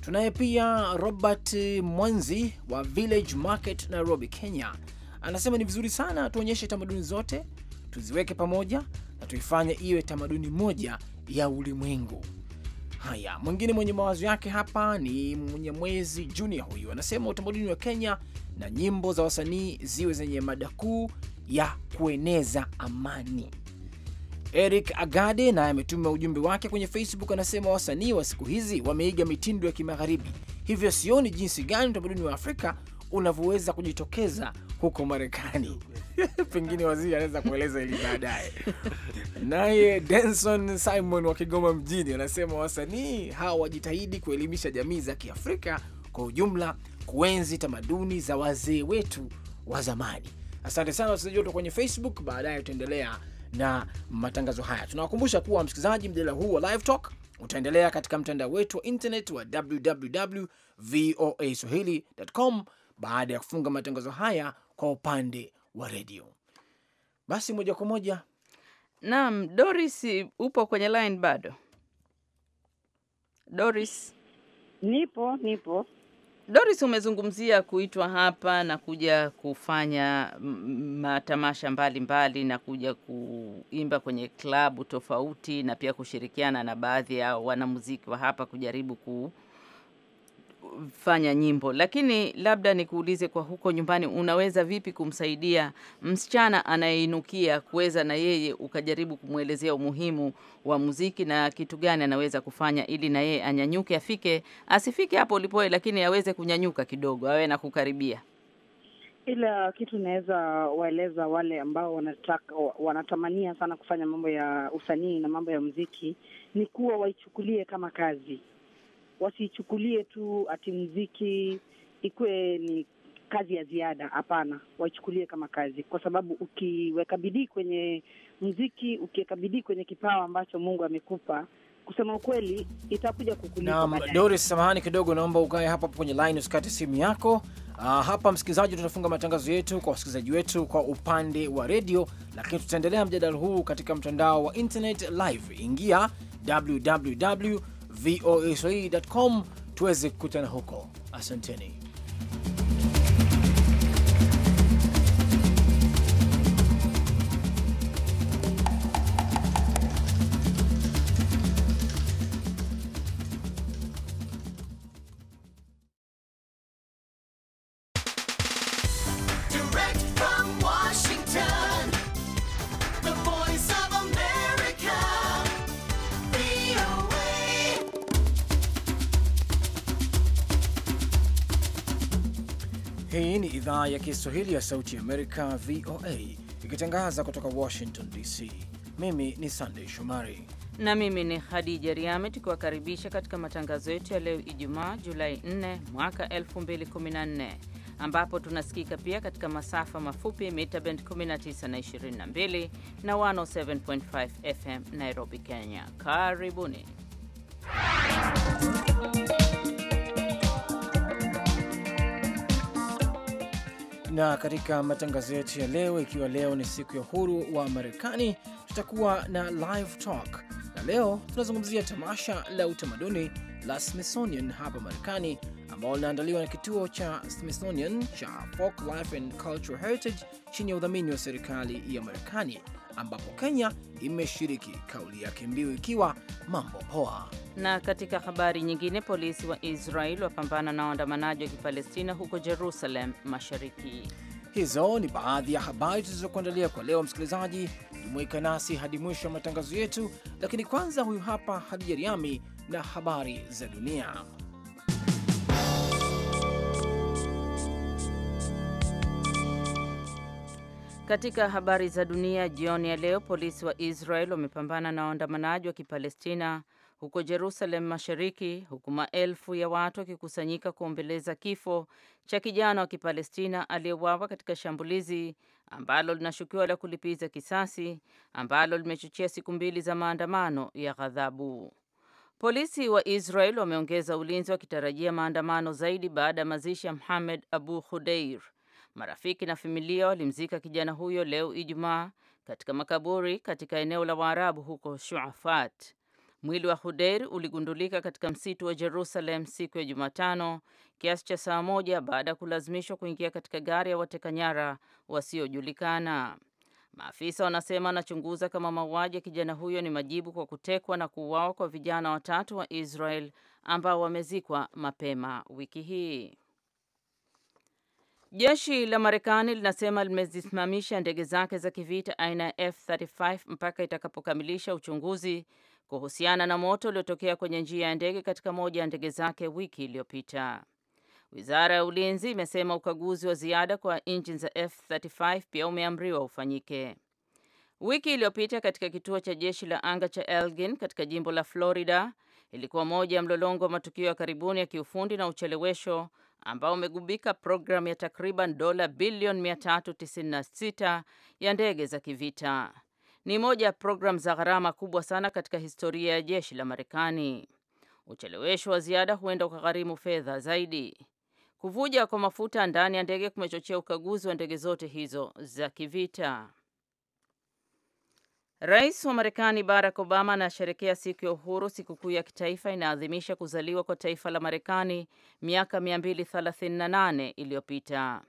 Tunaye pia Robert Mwanzi wa Village Market, Nairobi, Kenya, anasema ni vizuri sana tuonyeshe tamaduni zote, tuziweke pamoja na tuifanye iwe tamaduni moja ya ulimwengu. Haya, mwingine mwenye mawazo yake hapa ni mwezi Junior. Huyu anasema utamaduni wa Kenya na nyimbo za wasanii ziwe zenye mada kuu ya kueneza amani. Eric Agade naye ametuma ujumbe wake kwenye Facebook, anasema wasanii wa siku hizi wameiga mitindo ya Kimagharibi, hivyo sioni jinsi gani utamaduni wa Afrika unavyoweza kujitokeza huko Marekani. Pengine waziri anaweza kueleza hili baadaye. Naye Denson Simon wa Kigoma mjini anasema wasanii hawa wajitahidi kuelimisha jamii za Kiafrika kwa ujumla kuenzi tamaduni za wazee wetu wa zamani. Asante sana wasikilizaji wetu kwenye Facebook. Baadaye tutaendelea na matangazo haya. Tunawakumbusha kuwa msikilizaji, mjadala huu wa Live Talk utaendelea katika mtandao wetu wa internet wa www voa com baada ya kufunga matangazo haya kwa upande wa redio. Basi moja kwa moja naam, Doris, upo kwenye line bado? Doris, nipo nipo. Doris, umezungumzia kuitwa hapa na kuja kufanya matamasha mbalimbali mbali, na kuja kuimba kwenye klabu tofauti na pia kushirikiana na baadhi ya wanamuziki wa hapa kujaribu ku kufanya nyimbo. Lakini labda nikuulize, kwa huko nyumbani, unaweza vipi kumsaidia msichana anayeinukia kuweza na yeye ukajaribu kumwelezea umuhimu wa muziki na kitu gani anaweza kufanya ili na yeye anyanyuke, afike, asifike hapo ulipoe, lakini aweze kunyanyuka kidogo, awe na kukaribia ila kitu naweza waeleza wale ambao wanataka, wanatamania sana kufanya mambo ya usanii na mambo ya muziki ni kuwa waichukulie kama kazi wasiichukulie tu ati mziki ikuwe ni kazi ya ziada. Hapana, waichukulie kama kazi, kwa sababu ukiweka bidii kwenye mziki, ukiweka bidii kwenye kipawa ambacho Mungu amekupa kusema ukweli itakuja kukulipa Doris, samahani kidogo, naomba ukae hapa kwenye line, usikate simu yako. Uh, hapa msikilizaji, tunafunga matangazo yetu kwa wasikilizaji wetu kwa upande wa redio, lakini tutaendelea mjadala huu katika mtandao wa internet live. Ingia www voa swahili.com tuweze kukutana huko. Asanteni. Hii ni idhaa ya Kiswahili ya Sauti ya Amerika, VOA, ikitangaza kutoka Washington DC. Mimi ni Sandei Shomari na mimi ni Hadija Riami, tukiwakaribisha katika matangazo yetu ya leo Ijumaa Julai 4 mwaka 2014 ambapo tunasikika pia katika masafa mafupi mita bend 19 na 22 na 107.5 FM Nairobi, Kenya. Karibuni na katika matangazo yetu ya leo, ikiwa leo ni siku ya uhuru wa Marekani, tutakuwa na live talk, na leo tunazungumzia tamasha la utamaduni la Smithsonian hapa Marekani, ambao linaandaliwa na kituo cha Smithsonian cha Folk Life and Cultural Heritage chini ya udhamini wa serikali ya Marekani ambapo Kenya imeshiriki, kauli yake mbiu ikiwa mambo poa. Na katika habari nyingine, polisi wa Israel wapambana na waandamanaji wa Kipalestina huko Jerusalem Mashariki. Hizo ni baadhi ya habari tulizokuandalia kwa leo. Msikilizaji, jumuika nasi hadi mwisho wa matangazo yetu, lakini kwanza, huyu hapa Hadija Riami na habari za dunia. Katika habari za dunia jioni ya leo, polisi wa Israel wamepambana na waandamanaji wa Kipalestina huko Jerusalem Mashariki, huku maelfu ya watu wakikusanyika kuombeleza kifo cha kijana wa Kipalestina aliyeuawa katika shambulizi ambalo linashukiwa la kulipiza kisasi ambalo limechochea siku mbili za maandamano ya ghadhabu. Polisi wa Israel wameongeza ulinzi wakitarajia maandamano zaidi baada ya mazishi ya Mohamed Abu Khudeir Marafiki na familia walimzika kijana huyo leo Ijumaa katika makaburi katika eneo la Waarabu huko Shuafat. Mwili wa Hudeir uligundulika katika msitu wa Jerusalem siku ya Jumatano kiasi cha saa moja baada ya kulazimishwa kuingia katika gari ya wateka nyara wasiojulikana. Maafisa wanasema wanachunguza kama mauaji ya kijana huyo ni majibu kwa kutekwa na kuuawa kwa vijana watatu wa Israel ambao wamezikwa mapema wiki hii. Jeshi la Marekani linasema limezisimamisha ndege zake za kivita aina ya F35 mpaka itakapokamilisha uchunguzi kuhusiana na moto uliotokea kwenye njia ya ndege katika moja ya ndege zake wiki iliyopita. Wizara ya Ulinzi imesema ukaguzi wa ziada kwa injini za F35 pia umeamriwa ufanyike. Wiki iliyopita katika kituo cha jeshi la anga cha Elgin katika jimbo la Florida ilikuwa moja ya mlolongo wa matukio ya karibuni ya kiufundi na uchelewesho ambao umegubika programu ya takriban dola bilioni 396 ya ndege za kivita. Ni moja ya programu za gharama kubwa sana katika historia ya jeshi la Marekani. Uchelewesho wa ziada huenda ukagharimu fedha zaidi. Kuvuja kwa mafuta ndani ya ndege kumechochea ukaguzi wa ndege zote hizo za kivita. Rais wa Marekani Barack Obama anasherekea siku ya uhuru. Sikukuu ya kitaifa inaadhimisha kuzaliwa kwa taifa la Marekani miaka 238 iliyopita.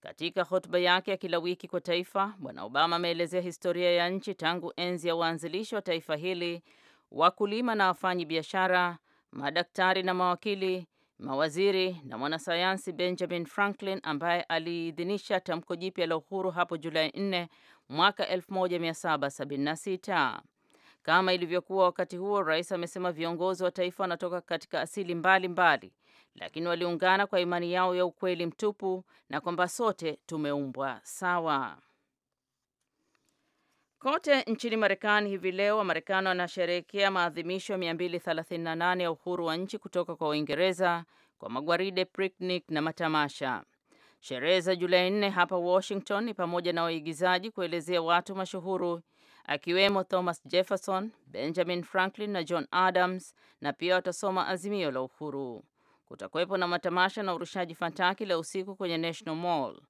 Katika hotuba yake ya kila wiki kwa taifa, Bwana Obama ameelezea historia ya nchi tangu enzi ya waanzilishi wa taifa hili, wakulima na wafanyi biashara, madaktari na mawakili, Mawaziri na mwanasayansi Benjamin Franklin ambaye aliidhinisha tamko jipya la uhuru hapo Julai 4 mwaka 1776. Kama ilivyokuwa wakati huo, rais amesema viongozi wa taifa wanatoka katika asili mbalimbali mbali, lakini waliungana kwa imani yao ya ukweli mtupu na kwamba sote tumeumbwa sawa. Kote nchini Marekani hivi leo Wamarekani wanasherehekea maadhimisho ya 238 ya uhuru wa nchi kutoka kwa Uingereza kwa magwaride, picnic na matamasha. Sherehe za Julai 4 hapa Washington ni pamoja na waigizaji kuelezea watu mashuhuru akiwemo Thomas Jefferson, Benjamin Franklin na John Adams, na pia watasoma azimio la uhuru. Kutakuwepo na matamasha na urushaji fantaki la usiku kwenye National Mall.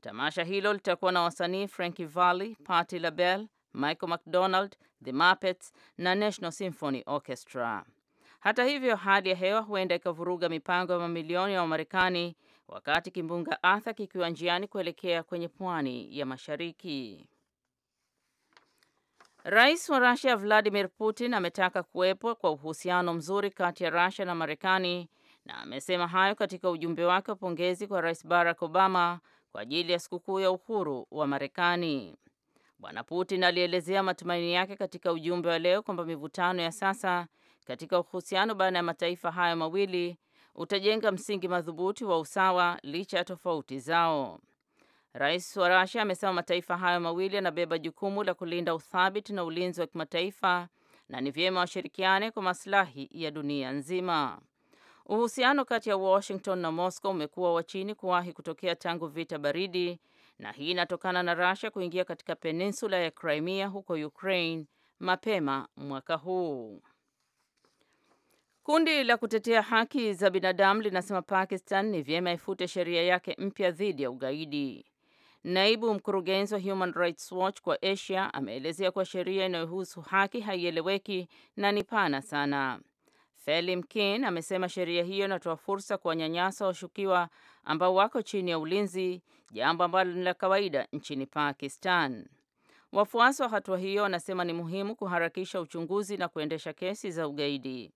Tamasha hilo litakuwa na wasanii Frankie Valli, Patti LaBelle, Michael McDonald, The Muppets na National Symphony Orchestra. Hata hivyo, hali ya hewa huenda ikavuruga mipango ya mamilioni ya Wamarekani wakati kimbunga Arthur kikiwa njiani kuelekea kwenye pwani ya mashariki. Rais wa Russia Vladimir Putin ametaka kuwepo kwa uhusiano mzuri kati ya Russia na Marekani na amesema hayo katika ujumbe wake wa pongezi kwa Rais Barack Obama kwa ajili ya sikukuu ya uhuru wa Marekani. Bwana Putin alielezea matumaini yake katika ujumbe wa leo kwamba mivutano ya sasa katika uhusiano baina ya mataifa hayo mawili utajenga msingi madhubuti wa usawa licha ya tofauti zao. Rais wa Russia amesema mataifa hayo mawili yanabeba jukumu la kulinda uthabiti na ulinzi wa kimataifa na ni vyema washirikiane kwa maslahi ya dunia nzima. Uhusiano kati ya Washington na Moscow umekuwa wa chini kuwahi kutokea tangu vita baridi na hii inatokana na Russia kuingia katika peninsula ya Crimea huko Ukraine mapema mwaka huu. Kundi la kutetea haki za binadamu linasema Pakistan ni vyema ifute sheria yake mpya dhidi ya ugaidi. Naibu mkurugenzi wa Human Rights Watch kwa Asia ameelezea kuwa sheria inayohusu haki haieleweki na ni pana sana. Felim Kin amesema sheria hiyo inatoa fursa kwa wanyanyasa washukiwa ambao wako chini ya ulinzi jambo ambalo ni la kawaida nchini Pakistan. Wafuasi wa hatua hiyo wanasema ni muhimu kuharakisha uchunguzi na kuendesha kesi za ugaidi.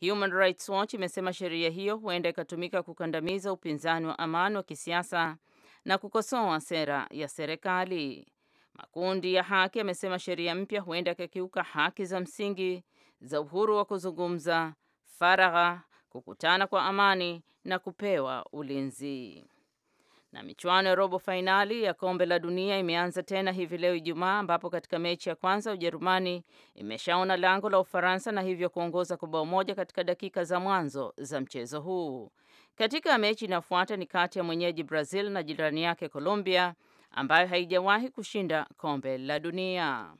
Human Rights Watch imesema sheria hiyo huenda ikatumika kukandamiza upinzani wa amani wa kisiasa na kukosoa sera ya serikali. Makundi ya haki yamesema sheria mpya huenda ikakiuka haki za msingi za uhuru wa kuzungumza, faragha, kukutana kwa amani na kupewa ulinzi. Na michuano ya robo fainali ya kombe la dunia imeanza tena hivi leo Ijumaa, ambapo katika mechi ya kwanza Ujerumani imeshaona lango la Ufaransa na hivyo kuongoza kwa bao moja katika dakika za mwanzo za mchezo huu. Katika mechi inayofuata ni kati ya mwenyeji Brazil na jirani yake Colombia ambayo haijawahi kushinda kombe la dunia.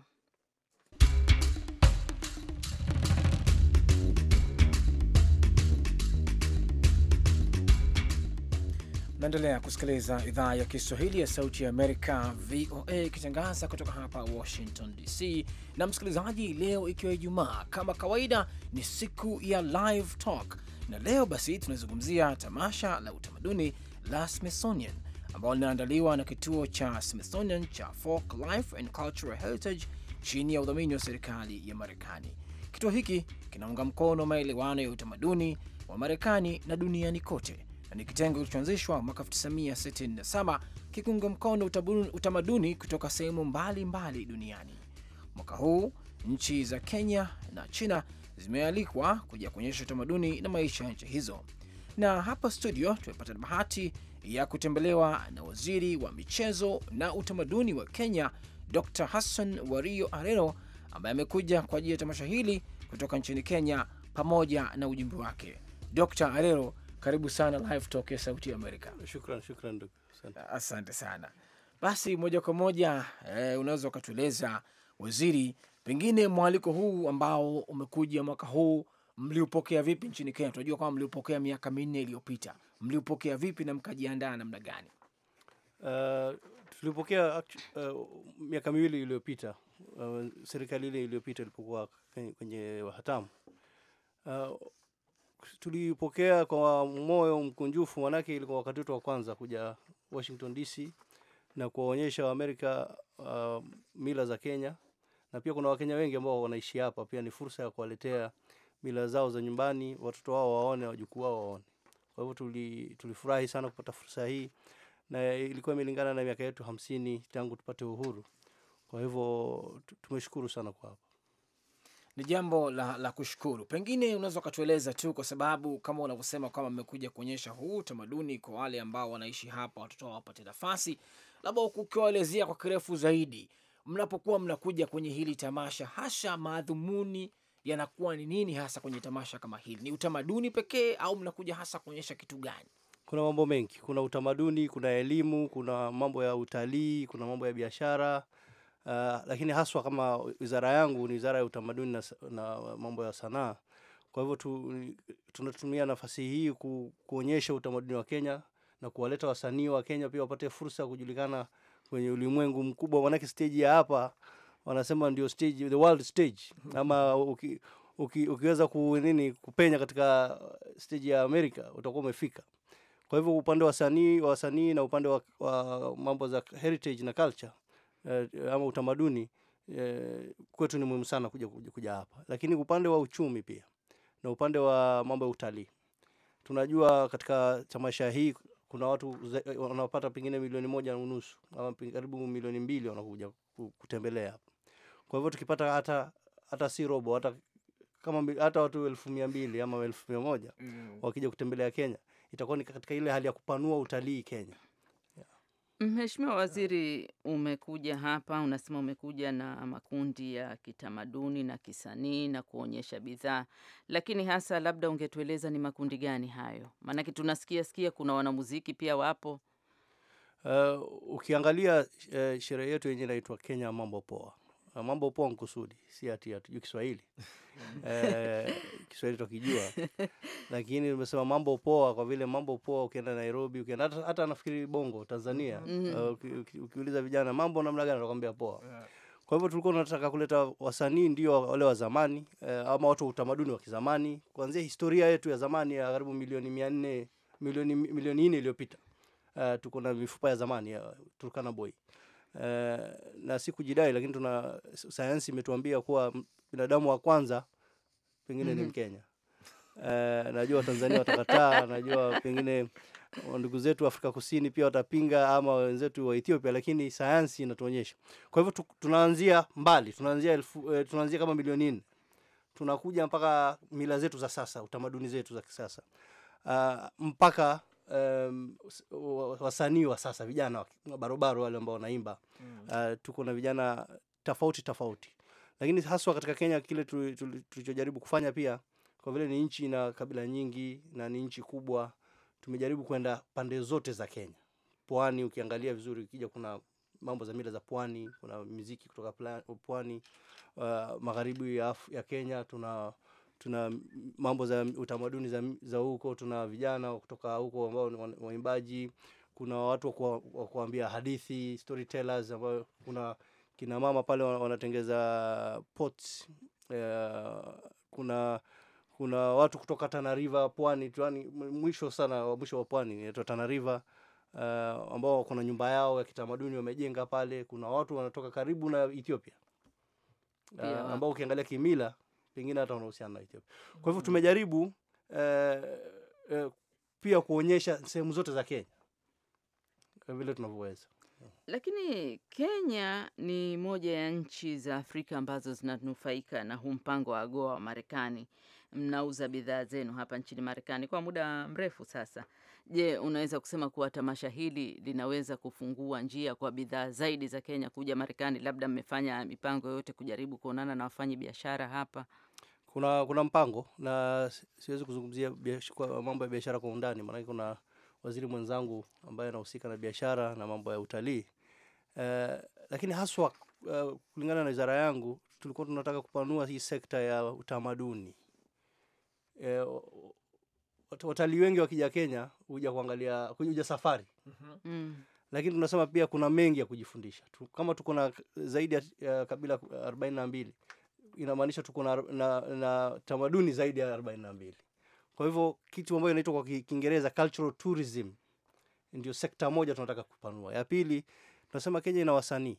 naendelea kusikiliza idhaa ya Kiswahili ya Sauti ya Amerika, VOA, ikitangaza kutoka hapa Washington DC. Na msikilizaji, leo ikiwa Ijumaa, kama kawaida, ni siku ya Live Talk, na leo basi tunazungumzia tamasha la utamaduni la Smithsonian ambalo linaandaliwa na kituo cha Smithsonian cha Folk Life and Cultural Heritage chini ya udhamini wa serikali ya Marekani. Kituo hiki kinaunga mkono maelewano ya utamaduni wa Marekani na duniani kote ni kitengo kilichoanzishwa mwaka 1967 kikiunga mkono utamaduni kutoka sehemu mbalimbali duniani. Mwaka huu nchi za Kenya na China zimealikwa kuja kuonyesha utamaduni na maisha ya nchi hizo. Na hapa studio tumepata bahati ya kutembelewa na waziri wa michezo na utamaduni wa Kenya, Dr Hassan Wario Arero, ambaye amekuja kwa ajili ya tamasha hili kutoka nchini Kenya pamoja na ujumbe wake. Dr Arero karibu sana Live Talk ya Sauti ya Amerika. Shukran, shukran ndugu, asante sana. Basi moja kwa moja eh, unaweza ukatueleza waziri, pengine mwaliko huu ambao umekuja mwaka huu mliupokea vipi nchini Kenya? Tunajua kwamba mliupokea miaka minne iliyopita, mliupokea vipi na mkajiandaa namna gani? Uh, tulipokea uh, miaka miwili iliyopita uh, serikali ile iliyopita ilipokuwa kwenye hatamu uh, tulipokea kwa moyo mkunjufu, manake ilikuwa wakati wetu wa kwanza kuja Washington DC na kuwaonyesha Waamerika uh, um, mila za Kenya, na pia kuna Wakenya wengi ambao wanaishi hapa, pia ni fursa ya kuwaletea mila zao za nyumbani, watoto wao waone, wajukuu wao waone. Kwa hivyo tulifurahi tuli sana kupata fursa hii, na ilikuwa imelingana na miaka yetu hamsini tangu tupate uhuru. Kwa hivyo tumeshukuru sana kwa hapa ni jambo la, la kushukuru. Pengine unaweza ukatueleza tu, kwa sababu kama unavyosema kwamba mmekuja kuonyesha huu utamaduni kwa wale ambao wanaishi hapa, watoto wapate nafasi, labda ukiwaelezea kwa kirefu zaidi, mnapokuwa mnakuja kwenye hili tamasha, hasha madhumuni yanakuwa ni nini hasa kwenye tamasha kama hili? Ni utamaduni pekee au mnakuja hasa kuonyesha kitu gani? Kuna mambo mengi, kuna utamaduni, kuna elimu, kuna mambo ya utalii, kuna mambo ya biashara Uh, lakini haswa kama wizara yangu ni wizara ya utamaduni na, na mambo ya sanaa. Kwa hivyo tu, tunatumia nafasi hii ku, kuonyesha utamaduni wa Kenya na kuwaleta wasanii wa Kenya pia wapate fursa ya kujulikana kwenye ulimwengu mkubwa, manake stage ya hapa wanasema ndio stage, the world stage ama uki, uki, ukiweza ku, nini kupenya katika stage ya Amerika utakuwa umefika. Kwa hivyo upande wa wasanii wasanii na upande wa, wa mambo za heritage na culture eh, ama utamaduni eh, kwetu ni muhimu sana kuja, kuja, kuja hapa, lakini upande wa uchumi pia na upande wa mambo ya utalii tunajua katika tamasha hii kuna watu wanapata pengine milioni moja na nusu ama karibu milioni mbili wanakuja kutembelea hapa. Kwa hivyo tukipata hata hata si robo hata kama hata watu elfu mia mbili ama elfu mia moja mm. wakija kutembelea Kenya itakuwa ni katika ile hali ya kupanua utalii Kenya. Mheshimiwa Waziri, umekuja hapa unasema umekuja na makundi ya kitamaduni na kisanii na kuonyesha bidhaa, lakini hasa labda ungetueleza ni makundi gani hayo? Maanake tunasikia sikia kuna wanamuziki pia wapo. Uh, ukiangalia uh, sherehe yetu yenye inaitwa Kenya Mambo Poa Eh, mambo poa nkusudi, si ati hatujui Kiswahili eh, Kiswahili tukijua, lakini umesema mambo poa. Kwa vile mambo poa, ukienda Nairobi, ukienda hata, hata nafikiri Bongo Tanzania, mm -hmm. uh, ukiuliza vijana mambo namna gani, atakwambia poa yeah. Kwa hivyo tulikuwa tunataka kuleta wasanii ndio wale wa zamani eh, ama watu wa utamaduni wa kizamani, kuanzia historia yetu ya zamani ya karibu milioni mia nne milioni milioni nne iliyopita. Uh, tuko na mifupa ya zamani ya Turkana Boy Eh, na si kujidai, lakini tuna sayansi imetuambia kuwa binadamu wa kwanza pengine mm -hmm. ni mhm. Mkenya. Uh, najua tanzania watakataa, najua pengine ndugu zetu Afrika Kusini pia watapinga, ama wenzetu wa Ethiopia, lakini sayansi inatuonyesha. Kwa hivyo tunaanzia mbali, tunaanzia elfu, eh, tunaanzia kama milioni nne tunakuja mpaka mila zetu za sasa, utamaduni zetu za kisasa uh, mpaka um, wasanii wa sasa vijana barobaro wale ambao wanaimba mm. uh, tuko na vijana tofauti tofauti, lakini haswa katika Kenya kile tulichojaribu kufanya pia, kwa vile ni nchi na kabila nyingi na ni nchi kubwa, tumejaribu kwenda pande zote za Kenya. Pwani ukiangalia vizuri, ukija kuna mambo za mila za pwani, kuna miziki kutoka pwani. Uh, magharibi ya, ya Kenya tuna tuna mambo za utamaduni za, za huko, tuna vijana kutoka huko ambao waimbaji, kuna watu wa kuambia hadithi storytellers, ambao kuna kina mama pale wanatengeza pots uh, eh, kuna kuna watu kutoka Tana River pwani, tuani mwisho sana mwisho wa pwani inaitwa Tana River uh, ambao kuna nyumba yao ya kitamaduni wamejenga pale. Kuna watu wanatoka karibu na Ethiopia uh, ambao ukiangalia kimila pengine hata wanahusiana na Ethiopia. Kwa hivyo mm. tumejaribu uh, uh, pia kuonyesha sehemu zote za Kenya eh, vile tunavyoweza. Lakini Kenya ni moja ya nchi za Afrika ambazo zinanufaika na huu mpango wa AGOA wa Marekani. Mnauza bidhaa zenu hapa nchini Marekani kwa muda mrefu sasa. Je, unaweza kusema kuwa tamasha hili linaweza kufungua njia kwa bidhaa zaidi za Kenya kuja Marekani? Labda mmefanya mipango yote kujaribu kuonana na wafanyi biashara hapa? kuna, kuna mpango na siwezi kuzungumzia mambo ya biashara kwa undani, maanake kuna waziri mwenzangu ambaye anahusika na biashara na mambo ya utalii uh, lakini haswa uh, kulingana na wizara yangu tulikuwa tunataka kupanua hii sekta ya utamaduni uh, watalii wengi wakija Kenya huja kuangalia huja safari mm. Lakini tunasema pia kuna mengi ya kujifundisha tu, kama tuko na zaidi ya kabila arobaini na mbili inamaanisha tuko na, na, na tamaduni zaidi ya 42. Kwa hivyo kitu ambayo inaitwa kwa Kiingereza cultural tourism ndio sekta moja tunataka kupanua. Ya pili tunasema Kenya ina wasanii.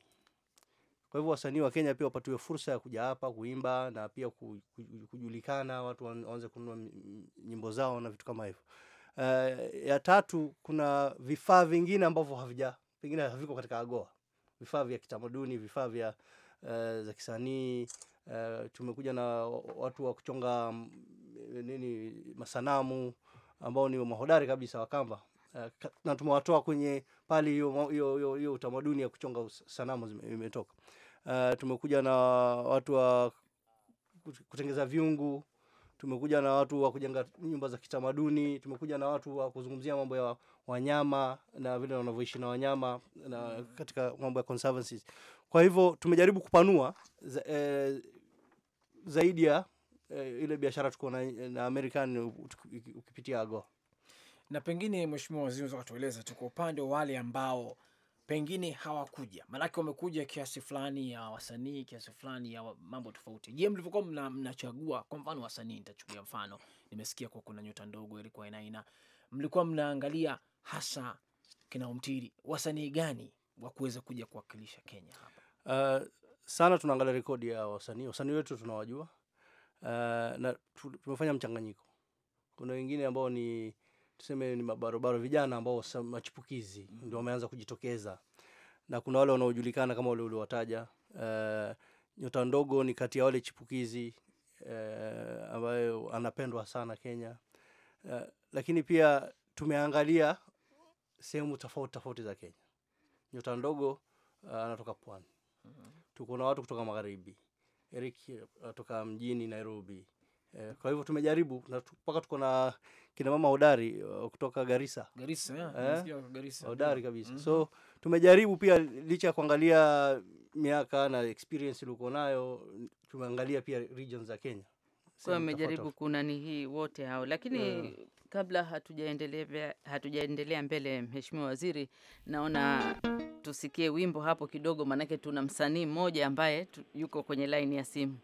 Kwa hivyo wasanii wa Kenya pia wapatiwe fursa ya kuja hapa kuimba na pia kujulikana, watu waanze kununua nyimbo zao na vitu kama hivyo. Uh, ya tatu kuna vifaa vingine ambavyo havija pengine haviko katika AGOA, vifaa vya kitamaduni, vifaa vya uh, za kisanii Eh, tumekuja na watu wa kuchonga mm, nini masanamu ambao ni mahodari kabisa Wakamba uh, eh, na tumewatoa kwenye pali hiyo hiyo utamaduni ya kuchonga sanamu imetoka. Uh, tumekuja na watu wa kutengeza viungu, tumekuja na watu wa kujenga nyumba za kitamaduni, tumekuja na watu wa kuzungumzia mambo ya wanyama na vile wanavyoishi na wanyama na katika mambo ya conservancies. Kwa hivyo tumejaribu kupanua zaidi ya eh, ile biashara tuko na, na Amerikani ukipitia ago Na pengine, Mheshimiwa Waziri, unaweza kutueleza tu kwa upande wa wale ambao pengine hawakuja, maanake wamekuja kiasi fulani ya wasanii, kiasi fulani ya mambo tofauti. Je, mlivyokuwa mna, mnachagua kwa mfano wasanii, nitachukulia mfano, nimesikia kwa kuna nyota ndogo ilikuwa inaina, mlikuwa mnaangalia hasa Umtiri wasanii gani wa kuweza kuja kuwakilisha Kenya hapa? Uh, sana tunaangalia rekodi ya wasanii, wasanii wetu tunawajua. Uh, na tumefanya mchanganyiko. Kuna wengine ambao ni tuseme ni mabarobaro vijana ambao machipukizi mm. ndio wameanza kujitokeza, na kuna wale wanaojulikana kama wale uliowataja. Uh, nyota ndogo ni kati ya wale chipukizi uh, ambayo anapendwa sana Kenya. Uh, lakini pia tumeangalia sehemu tofauti tofauti za Kenya. Nyota ndogo uh, anatoka pwani mm -hmm tuko na watu kutoka magharibi, Eric kutoka eh, mjini Nairobi. Eh, kwa hivyo tumejaribu mpaka tuko na kina mama hodari eh, kutoka Garissa. Garissa, yeah. Eh? Garissa. Hodari kabisa. Mm -hmm. So tumejaribu pia licha ya kuangalia miaka na experience uliko nayo tumeangalia pia regions za Kenya. Kwa so, amejaribu ni hii wote hao lakini yeah kabla hatujaendelea hatujaendelea mbele, mheshimiwa waziri, naona tusikie wimbo hapo kidogo, maanake tuna msanii mmoja ambaye yuko kwenye laini ya simu.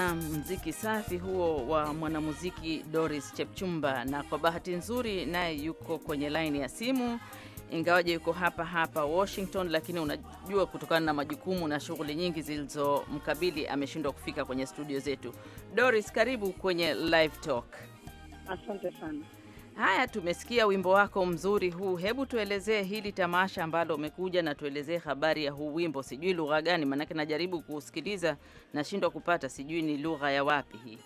Naam, mziki safi huo wa mwanamuziki Doris Chepchumba, na kwa bahati nzuri naye yuko kwenye laini ya simu, ingawaje yuko hapa hapa Washington, lakini unajua kutokana na majukumu na shughuli nyingi zilizomkabili ameshindwa kufika kwenye studio zetu. Doris, karibu kwenye Live Talk. Asante sana. Haya, tumesikia wimbo wako mzuri huu. Hebu tuelezee hili tamasha ambalo umekuja na tuelezee habari ya huu wimbo. Sijui lugha gani, maanake najaribu kuusikiliza, nashindwa kupata, sijui ni lugha ya wapi hii.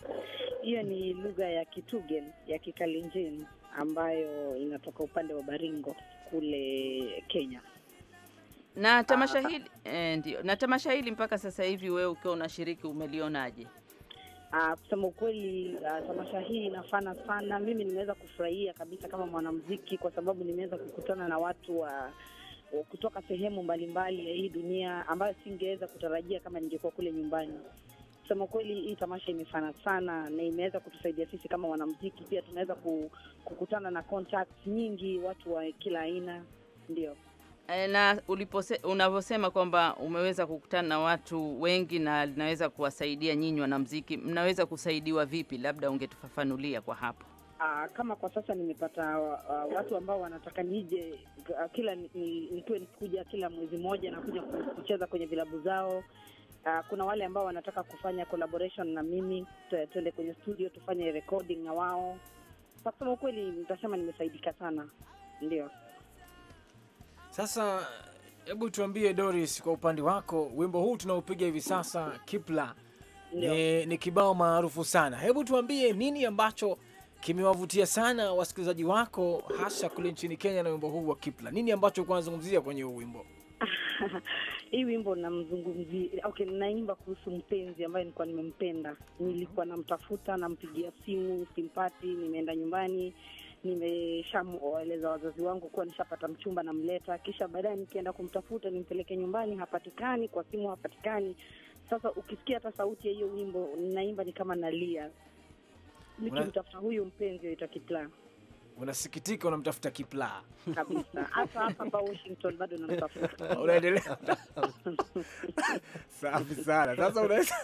Hiyo ni lugha ya Kitugen ya kikalinjini ambayo inatoka upande wa Baringo kule Kenya. Na tamasha ah, hili eh, ndio. Na tamasha hili mpaka sasa hivi wewe ukiwa unashiriki umelionaje? Uh, kusema ukweli, uh, tamasha hii inafana sana. Mimi nimeweza kufurahia kabisa kama mwanamuziki, kwa sababu nimeweza kukutana na watu wa uh, kutoka sehemu mbalimbali ya hii dunia ambayo singeweza kutarajia kama ningekuwa kule nyumbani. Kusema kweli, hii tamasha imefana sana na imeweza kutusaidia sisi kama wanamuziki pia, tunaweza kukutana na contacts nyingi, watu wa kila aina, ndio. Eh, na unavyosema kwamba umeweza kukutana na watu wengi na linaweza kuwasaidia nyinyi wanamziki mnaweza kusaidiwa vipi? Labda ungetufafanulia kwa hapo. Aa, ah, kama kwa sasa nimepata uh, watu ambao wanataka nije uh, kila nikiwe nikuja kila mwezi mmoja na kuja kucheza kwenye vilabu zao. Uh, kuna wale ambao wanataka kufanya collaboration na mimi, tuende kwenye studio tufanye recording na wao. Kwa kusema ukweli, nitasema nimesaidika sana, ndio. Sasa hebu tuambie Doris, kwa upande wako wimbo huu tunaopiga hivi sasa Kipla ni, ni kibao maarufu sana. Hebu tuambie nini ambacho kimewavutia sana wasikilizaji wako hasa kule nchini Kenya na wimbo huu wa Kipla, nini ambacho ulikuwa kwenye huu wimbo? Hii wimbo namzungumzia, okay, naimba kuhusu mpenzi ambaye nilikuwa nimempenda, nilikuwa namtafuta, nampigia simu, simpati, nimeenda nyumbani nimeshaeleza wazazi wangu kuwa nishapata mchumba namleta, kisha baadaye nikienda kumtafuta nimpeleke nyumbani, hapatikani, kwa simu hapatikani. Sasa ukisikia hata sauti ya hiyo wimbo ninaimba ni kama nalia nikimtafuta huyu mpenzi aitwa Kitla unasikitika, unamtafuta kipla kabisa, hasa hapa Washington bado unaendelea. Safi sana. Sasa unaweza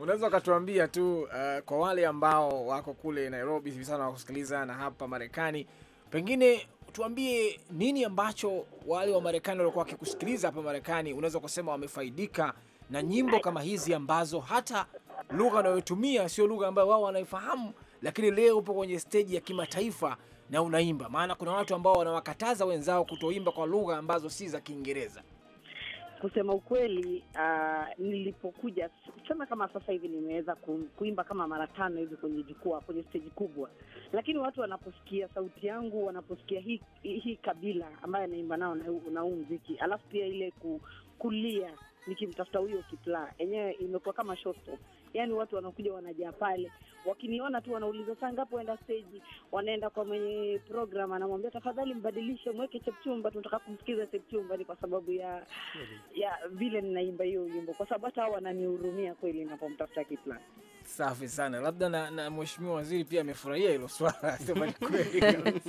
unaweza ukatuambia tu uh, kwa wale ambao wako kule Nairobi hivi sana wakusikiliza na hapa Marekani, pengine tuambie nini ambacho wale wa Marekani waliokuwa wakikusikiliza hapa Marekani, unaweza kusema wamefaidika na nyimbo kama hizi ambazo hata lugha unayotumia sio lugha ambayo wao wanaifahamu, lakini leo upo kwenye steji ya kimataifa na unaimba, maana kuna watu ambao wanawakataza wenzao kutoimba kwa lugha ambazo si za Kiingereza. Kusema ukweli, uh, nilipokuja kusema kama sasa hivi nimeweza kuimba kama mara tano hivi kwenye jukwaa, kwenye steji kubwa, lakini watu wanaposikia sauti yangu, wanaposikia hii hi kabila ambayo anaimba nao na huu mziki alafu pia ile ku, kulia nikimtafuta huyo kipla yenyewe imekuwa kama showstop. Yani watu wanakuja wanajaa pale, wakiniona tu wanauliza saa ngapi waenda stage. Wanaenda kwa mwenye program, anamwambia tafadhali mbadilishe, mweke Chepchumba, tunataka kumsikiza Chepchumba. Ni kwa sababu ya ya vile ninaimba hiyo wimbo, kwa sababu hata hao wananihurumia kweli ninapomtafuta kipla Safi sana, labda na, na mheshimiwa waziri pia amefurahia hilo swala, sema ni kweli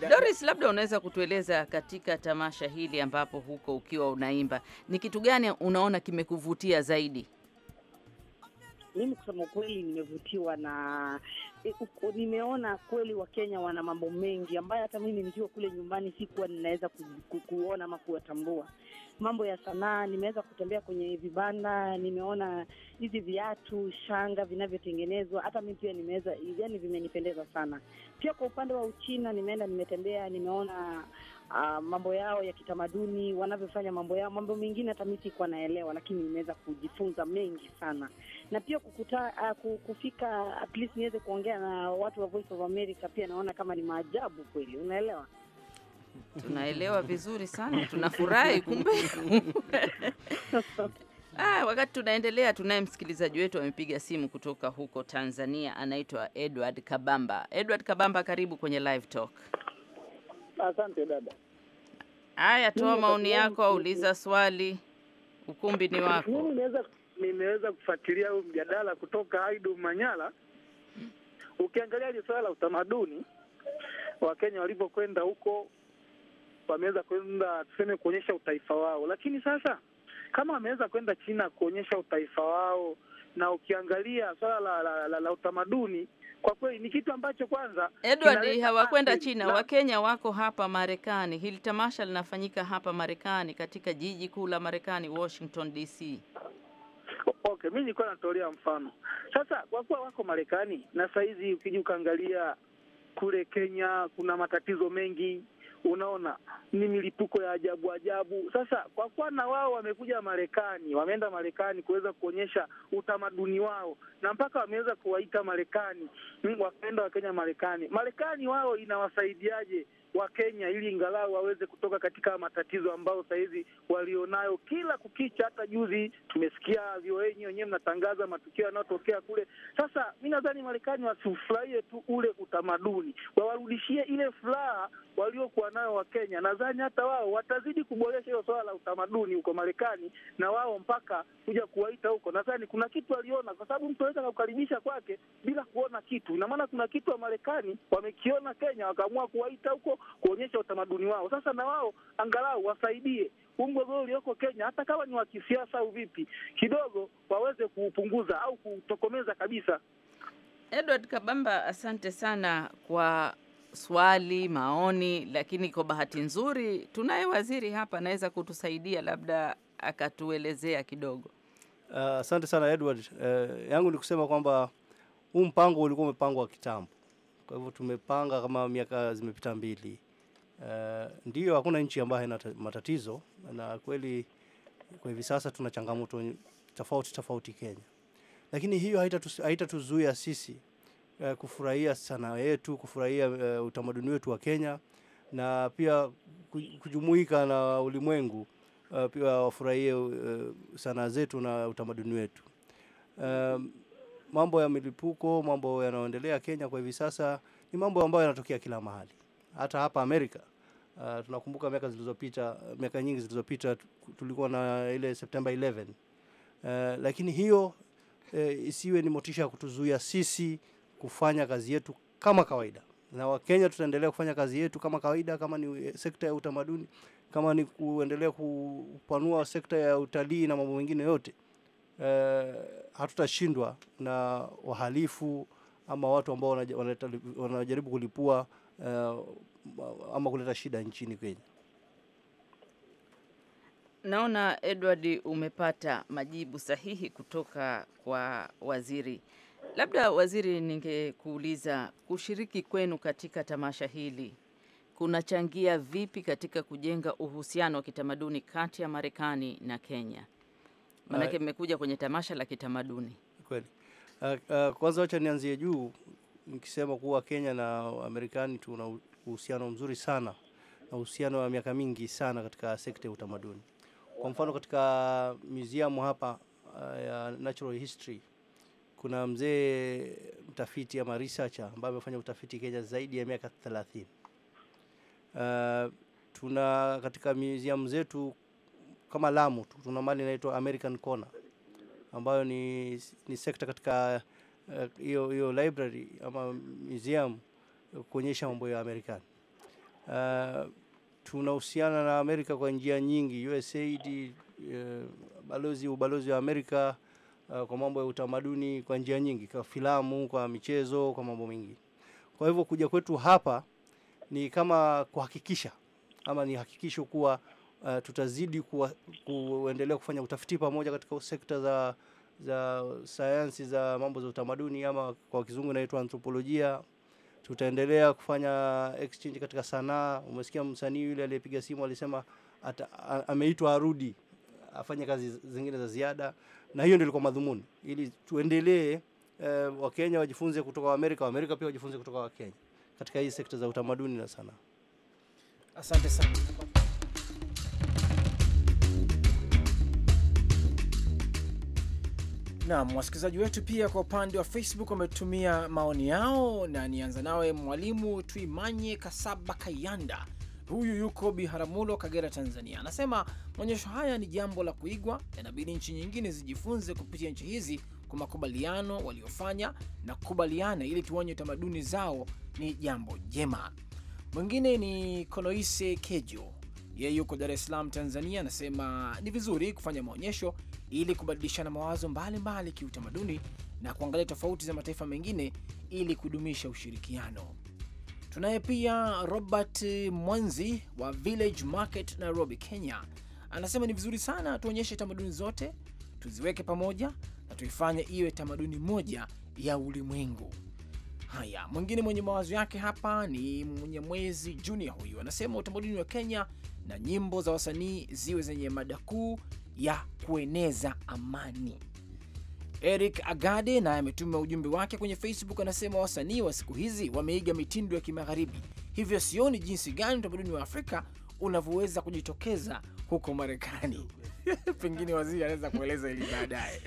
Doris, labda unaweza kutueleza katika tamasha hili ambapo huko ukiwa unaimba, ni kitu gani unaona kimekuvutia zaidi? Mimi kusema kweli, nimevutiwa na Eh, nimeona kweli Wakenya wana mambo mengi ambayo hata mimi nikiwa kule nyumbani sikuwa ninaweza ku, ku, kuona ama kuwatambua. Mambo ya sanaa, nimeweza kutembea kwenye vibanda, nimeona hizi viatu, shanga vinavyotengenezwa, hata mimi pia nimeweza, yani vimenipendeza sana. Pia kwa upande wa Uchina nimeenda, nimetembea, nimeona uh, mambo yao ya kitamaduni wanavyofanya mambo yao, mambo mengine hata mimi sikuwa naelewa, lakini nimeweza kujifunza mengi sana, na pia kukuta, uh, kufika at least niweze kuongea na watu wa Voice of America, pia naona kama ni maajabu kweli, unaelewa tunaelewa vizuri sana, tunafurahi kumbe. Ah, wakati tunaendelea, tunaye msikilizaji wetu amepiga simu kutoka huko Tanzania, anaitwa Edward Kabamba. Edward Kabamba, karibu kwenye live talk. Asante dada. Haya, toa maoni yako, auliza swali, ukumbi ni wako. Nimeweza nimeweza kufuatilia huu mjadala kutoka Aidu Manyala. Ukiangalia hili swala la utamaduni, Wakenya walipokwenda huko wameweza kwenda tuseme kuonyesha utaifa wao, lakini sasa kama wameweza kwenda China kuonyesha utaifa wao, na ukiangalia swala la, la, la, la, la utamaduni kwa kweli ni kitu ambacho kwanza, Edward, hawakwenda China na... Wakenya wako hapa Marekani. Hili tamasha linafanyika hapa Marekani, katika jiji kuu la Marekani, Washington DC. Okay, mimi nilikuwa natolea mfano sasa, kwa kuwa wako Marekani na saizi hizi ukija ukaangalia kule Kenya kuna matatizo mengi Unaona, ni milipuko ya ajabu ajabu. Sasa kwa kuwa na wao wamekuja Marekani, wameenda Marekani kuweza kuonyesha utamaduni wao, na mpaka wameweza kuwaita Marekani, wakaenda Wakenya Marekani. Marekani wao inawasaidiaje? wa Kenya ili ingalau waweze kutoka katika matatizo ambayo sahizi walionayo kila kukicha. Hata juzi tumesikia vioenyi wenyewe mnatangaza matukio yanayotokea kule. Sasa mi nadhani Marekani wasifurahie tu ule utamaduni, wawarudishie ile furaha waliokuwa nayo Wakenya. Nadhani hata wao watazidi kuboresha hiyo swala la utamaduni huko Marekani, na wao mpaka kuja kuwaita huko. Nadhani kuna kitu waliona, kwa sababu mtu anaweza kukaribisha kwake bila kuona kitu. Ina maana kuna kitu wa Marekani wamekiona Kenya, wakaamua kuwaita huko kuonyesha utamaduni wao. Sasa na wao angalau wasaidie huu mgogoro ulioko Kenya, hata kama ni wa kisiasa au vipi, kidogo waweze kuupunguza au kutokomeza kabisa. Edward Kabamba, asante sana kwa swali, maoni. Lakini kwa bahati nzuri tunaye waziri hapa, anaweza kutusaidia labda akatuelezea kidogo. Uh, asante uh, sana Edward. Uh, yangu ni kusema kwamba huu mpango ulikuwa umepangwa kitambo kwa hivyo tumepanga kama miaka zimepita mbili. Uh, ndio hakuna nchi ambayo ina matatizo na kweli kwa hivi sasa tuna changamoto tofauti tofauti Kenya, lakini hiyo haitatuzuia haita sisi uh, kufurahia sanaa yetu, kufurahia uh, utamaduni wetu wa Kenya na pia kujumuika na ulimwengu uh, pia wafurahie uh, sanaa zetu na utamaduni wetu um, mambo ya milipuko, mambo yanayoendelea Kenya kwa hivi sasa ni mambo ambayo yanatokea kila mahali, hata hapa Amerika. Uh, tunakumbuka miaka zilizopita, miaka nyingi zilizopita tulikuwa na ile September 11 uh, lakini hiyo uh, isiwe ni motisha ya kutuzuia sisi kufanya kazi yetu kama kawaida, na Wakenya tutaendelea kufanya kazi yetu kama kawaida, kama ni eh, sekta ya utamaduni, kama ni kuendelea kupanua sekta ya utalii na mambo mengine yote. Eh, hatutashindwa na wahalifu ama watu ambao wanajaribu kulipua eh, ama kuleta shida nchini Kenya. Naona Edward, umepata majibu sahihi kutoka kwa waziri. Labda waziri, ningekuuliza kushiriki kwenu katika tamasha hili kunachangia vipi katika kujenga uhusiano wa kitamaduni kati ya Marekani na Kenya? maanake eh, mmekuja kwenye tamasha la kitamaduni kweli. Eh, eh, kwanza wacha nianzie juu nikisema kuwa Kenya na amerikani tuna uhusiano mzuri sana na uhusiano wa miaka mingi sana katika sekta ya utamaduni. Kwa mfano katika museum hapa ya uh, natural history kuna mzee mtafiti ama researcher ambaye amefanya utafiti Kenya zaidi ya miaka 30. Uh, tuna katika museum zetu kama Lamu tu tuna mali inaitwa American Corner ambayo ni, ni sekta katika eh, hiyo uh, hiyo library ama museum kuonyesha mambo ya Amerika. Uh, eh, tunahusiana na Amerika kwa njia nyingi, USAID uh, eh, balozi ubalozi wa Amerika uh, kwa mambo ya utamaduni kwa njia nyingi, kwa filamu, kwa michezo, kwa mambo mengi. Kwa hivyo kuja kwetu hapa ni kama kuhakikisha ama ni hakikisho kuwa uh, tutazidi kuwa, kuendelea kufanya utafiti pamoja katika sekta za za sayansi za mambo za utamaduni ama kwa kizungu inaitwa anthropolojia. Tutaendelea kufanya exchange katika sanaa. Umesikia msanii yule aliyepiga simu alisema ameitwa arudi afanye kazi zingine za ziada, na hiyo ndio ilikuwa madhumuni, ili tuendelee eh, Wakenya wajifunze kutoka Waamerika, Waamerika pia wajifunze kutoka Wakenya katika hii sekta za utamaduni na sanaa. Asante sana. Naam, wasikilizaji wetu pia kwa upande wa Facebook wametumia maoni yao, na nianza nawe Mwalimu Twimanye Kasaba Kayanda, huyu yuko Biharamulo, Kagera, Tanzania. Anasema maonyesho haya ni jambo la kuigwa, yanabidi nchi nyingine zijifunze kupitia nchi hizi kwa makubaliano waliofanya na kukubaliana, ili tuonye tamaduni zao, ni jambo jema. Mwingine ni Konoise Kejo, yeye yuko Dar es Salaam, Tanzania. Anasema ni vizuri kufanya maonyesho ili kubadilishana mawazo mbalimbali kiutamaduni na kuangalia tofauti za mataifa mengine ili kudumisha ushirikiano. Tunaye pia Robert Mwanzi wa Village Market Nairobi, Kenya, anasema ni vizuri sana tuonyeshe tamaduni zote, tuziweke pamoja na tuifanye iwe tamaduni moja ya ulimwengu. Haya, mwingine mwenye mawazo yake hapa ni mwenye mwezi Junior, huyu anasema utamaduni wa Kenya na nyimbo za wasanii ziwe zenye mada kuu ya kueneza amani. Eric Agade naye ametuma ujumbe wake kwenye Facebook, anasema wasanii wa siku hizi wameiga mitindo ya kimagharibi, hivyo sioni jinsi gani utamaduni wa Afrika unavyoweza kujitokeza huko Marekani. Pengine waziri anaweza kueleza hili baadaye.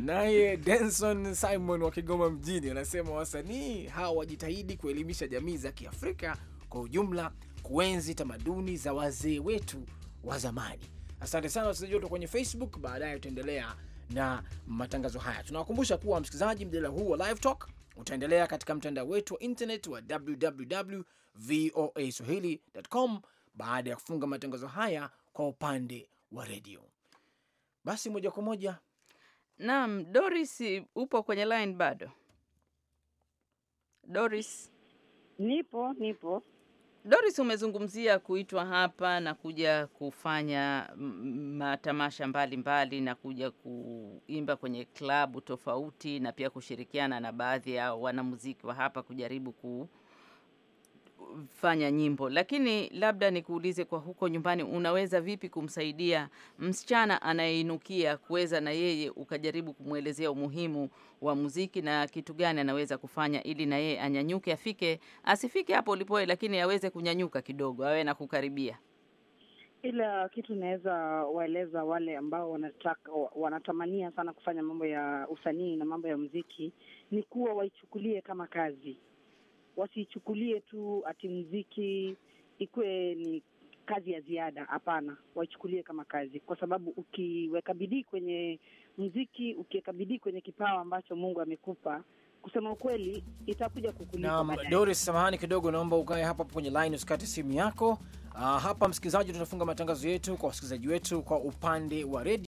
Naye Denson Simon wa Kigoma mjini anasema wasanii hawa wajitahidi kuelimisha jamii za Kiafrika kwa ujumla kuenzi tamaduni za wazee wetu wa zamani. Asante sana wasikilizaji wetu kwenye Facebook. Baadaye tutaendelea na matangazo haya. Tunawakumbusha kuwa msikilizaji, mjadala huu wa Live Talk utaendelea katika mtandao wetu wa internet wa voa swahilicom baada ya kufunga matangazo haya kwa upande wa redio. Basi moja kwa moja, nam Doris, upo kwenye line bado? Doris, nipo nipo. Doris, umezungumzia kuitwa hapa na kuja kufanya matamasha mbalimbali mbali, na kuja kuimba kwenye klabu tofauti na pia kushirikiana na baadhi ya wanamuziki wa hapa kujaribu ku kufanya nyimbo, lakini labda nikuulize kwa huko nyumbani, unaweza vipi kumsaidia msichana anayeinukia kuweza na yeye ukajaribu kumwelezea umuhimu wa muziki na kitu gani anaweza kufanya ili na yeye anyanyuke, afike asifike hapo ulipoe, lakini aweze kunyanyuka kidogo, awe na kukaribia ila kitu inaweza waeleza wale ambao wanataka wanatamania sana kufanya mambo ya usanii na mambo ya muziki ni kuwa waichukulie kama kazi wasichukulie tu ati mziki ikuwe ni kazi ya ziada. Hapana, waichukulie kama kazi, kwa sababu ukiweka bidii kwenye mziki ukiweka bidii kwenye kipawa ambacho Mungu amekupa kusema ukweli itakuja kukulipa Doris, samahani kidogo, naomba ukae hapa kwenye line, usikate simu yako. Uh, hapa msikilizaji, tunafunga matangazo yetu kwa wasikilizaji wetu kwa upande wa redio.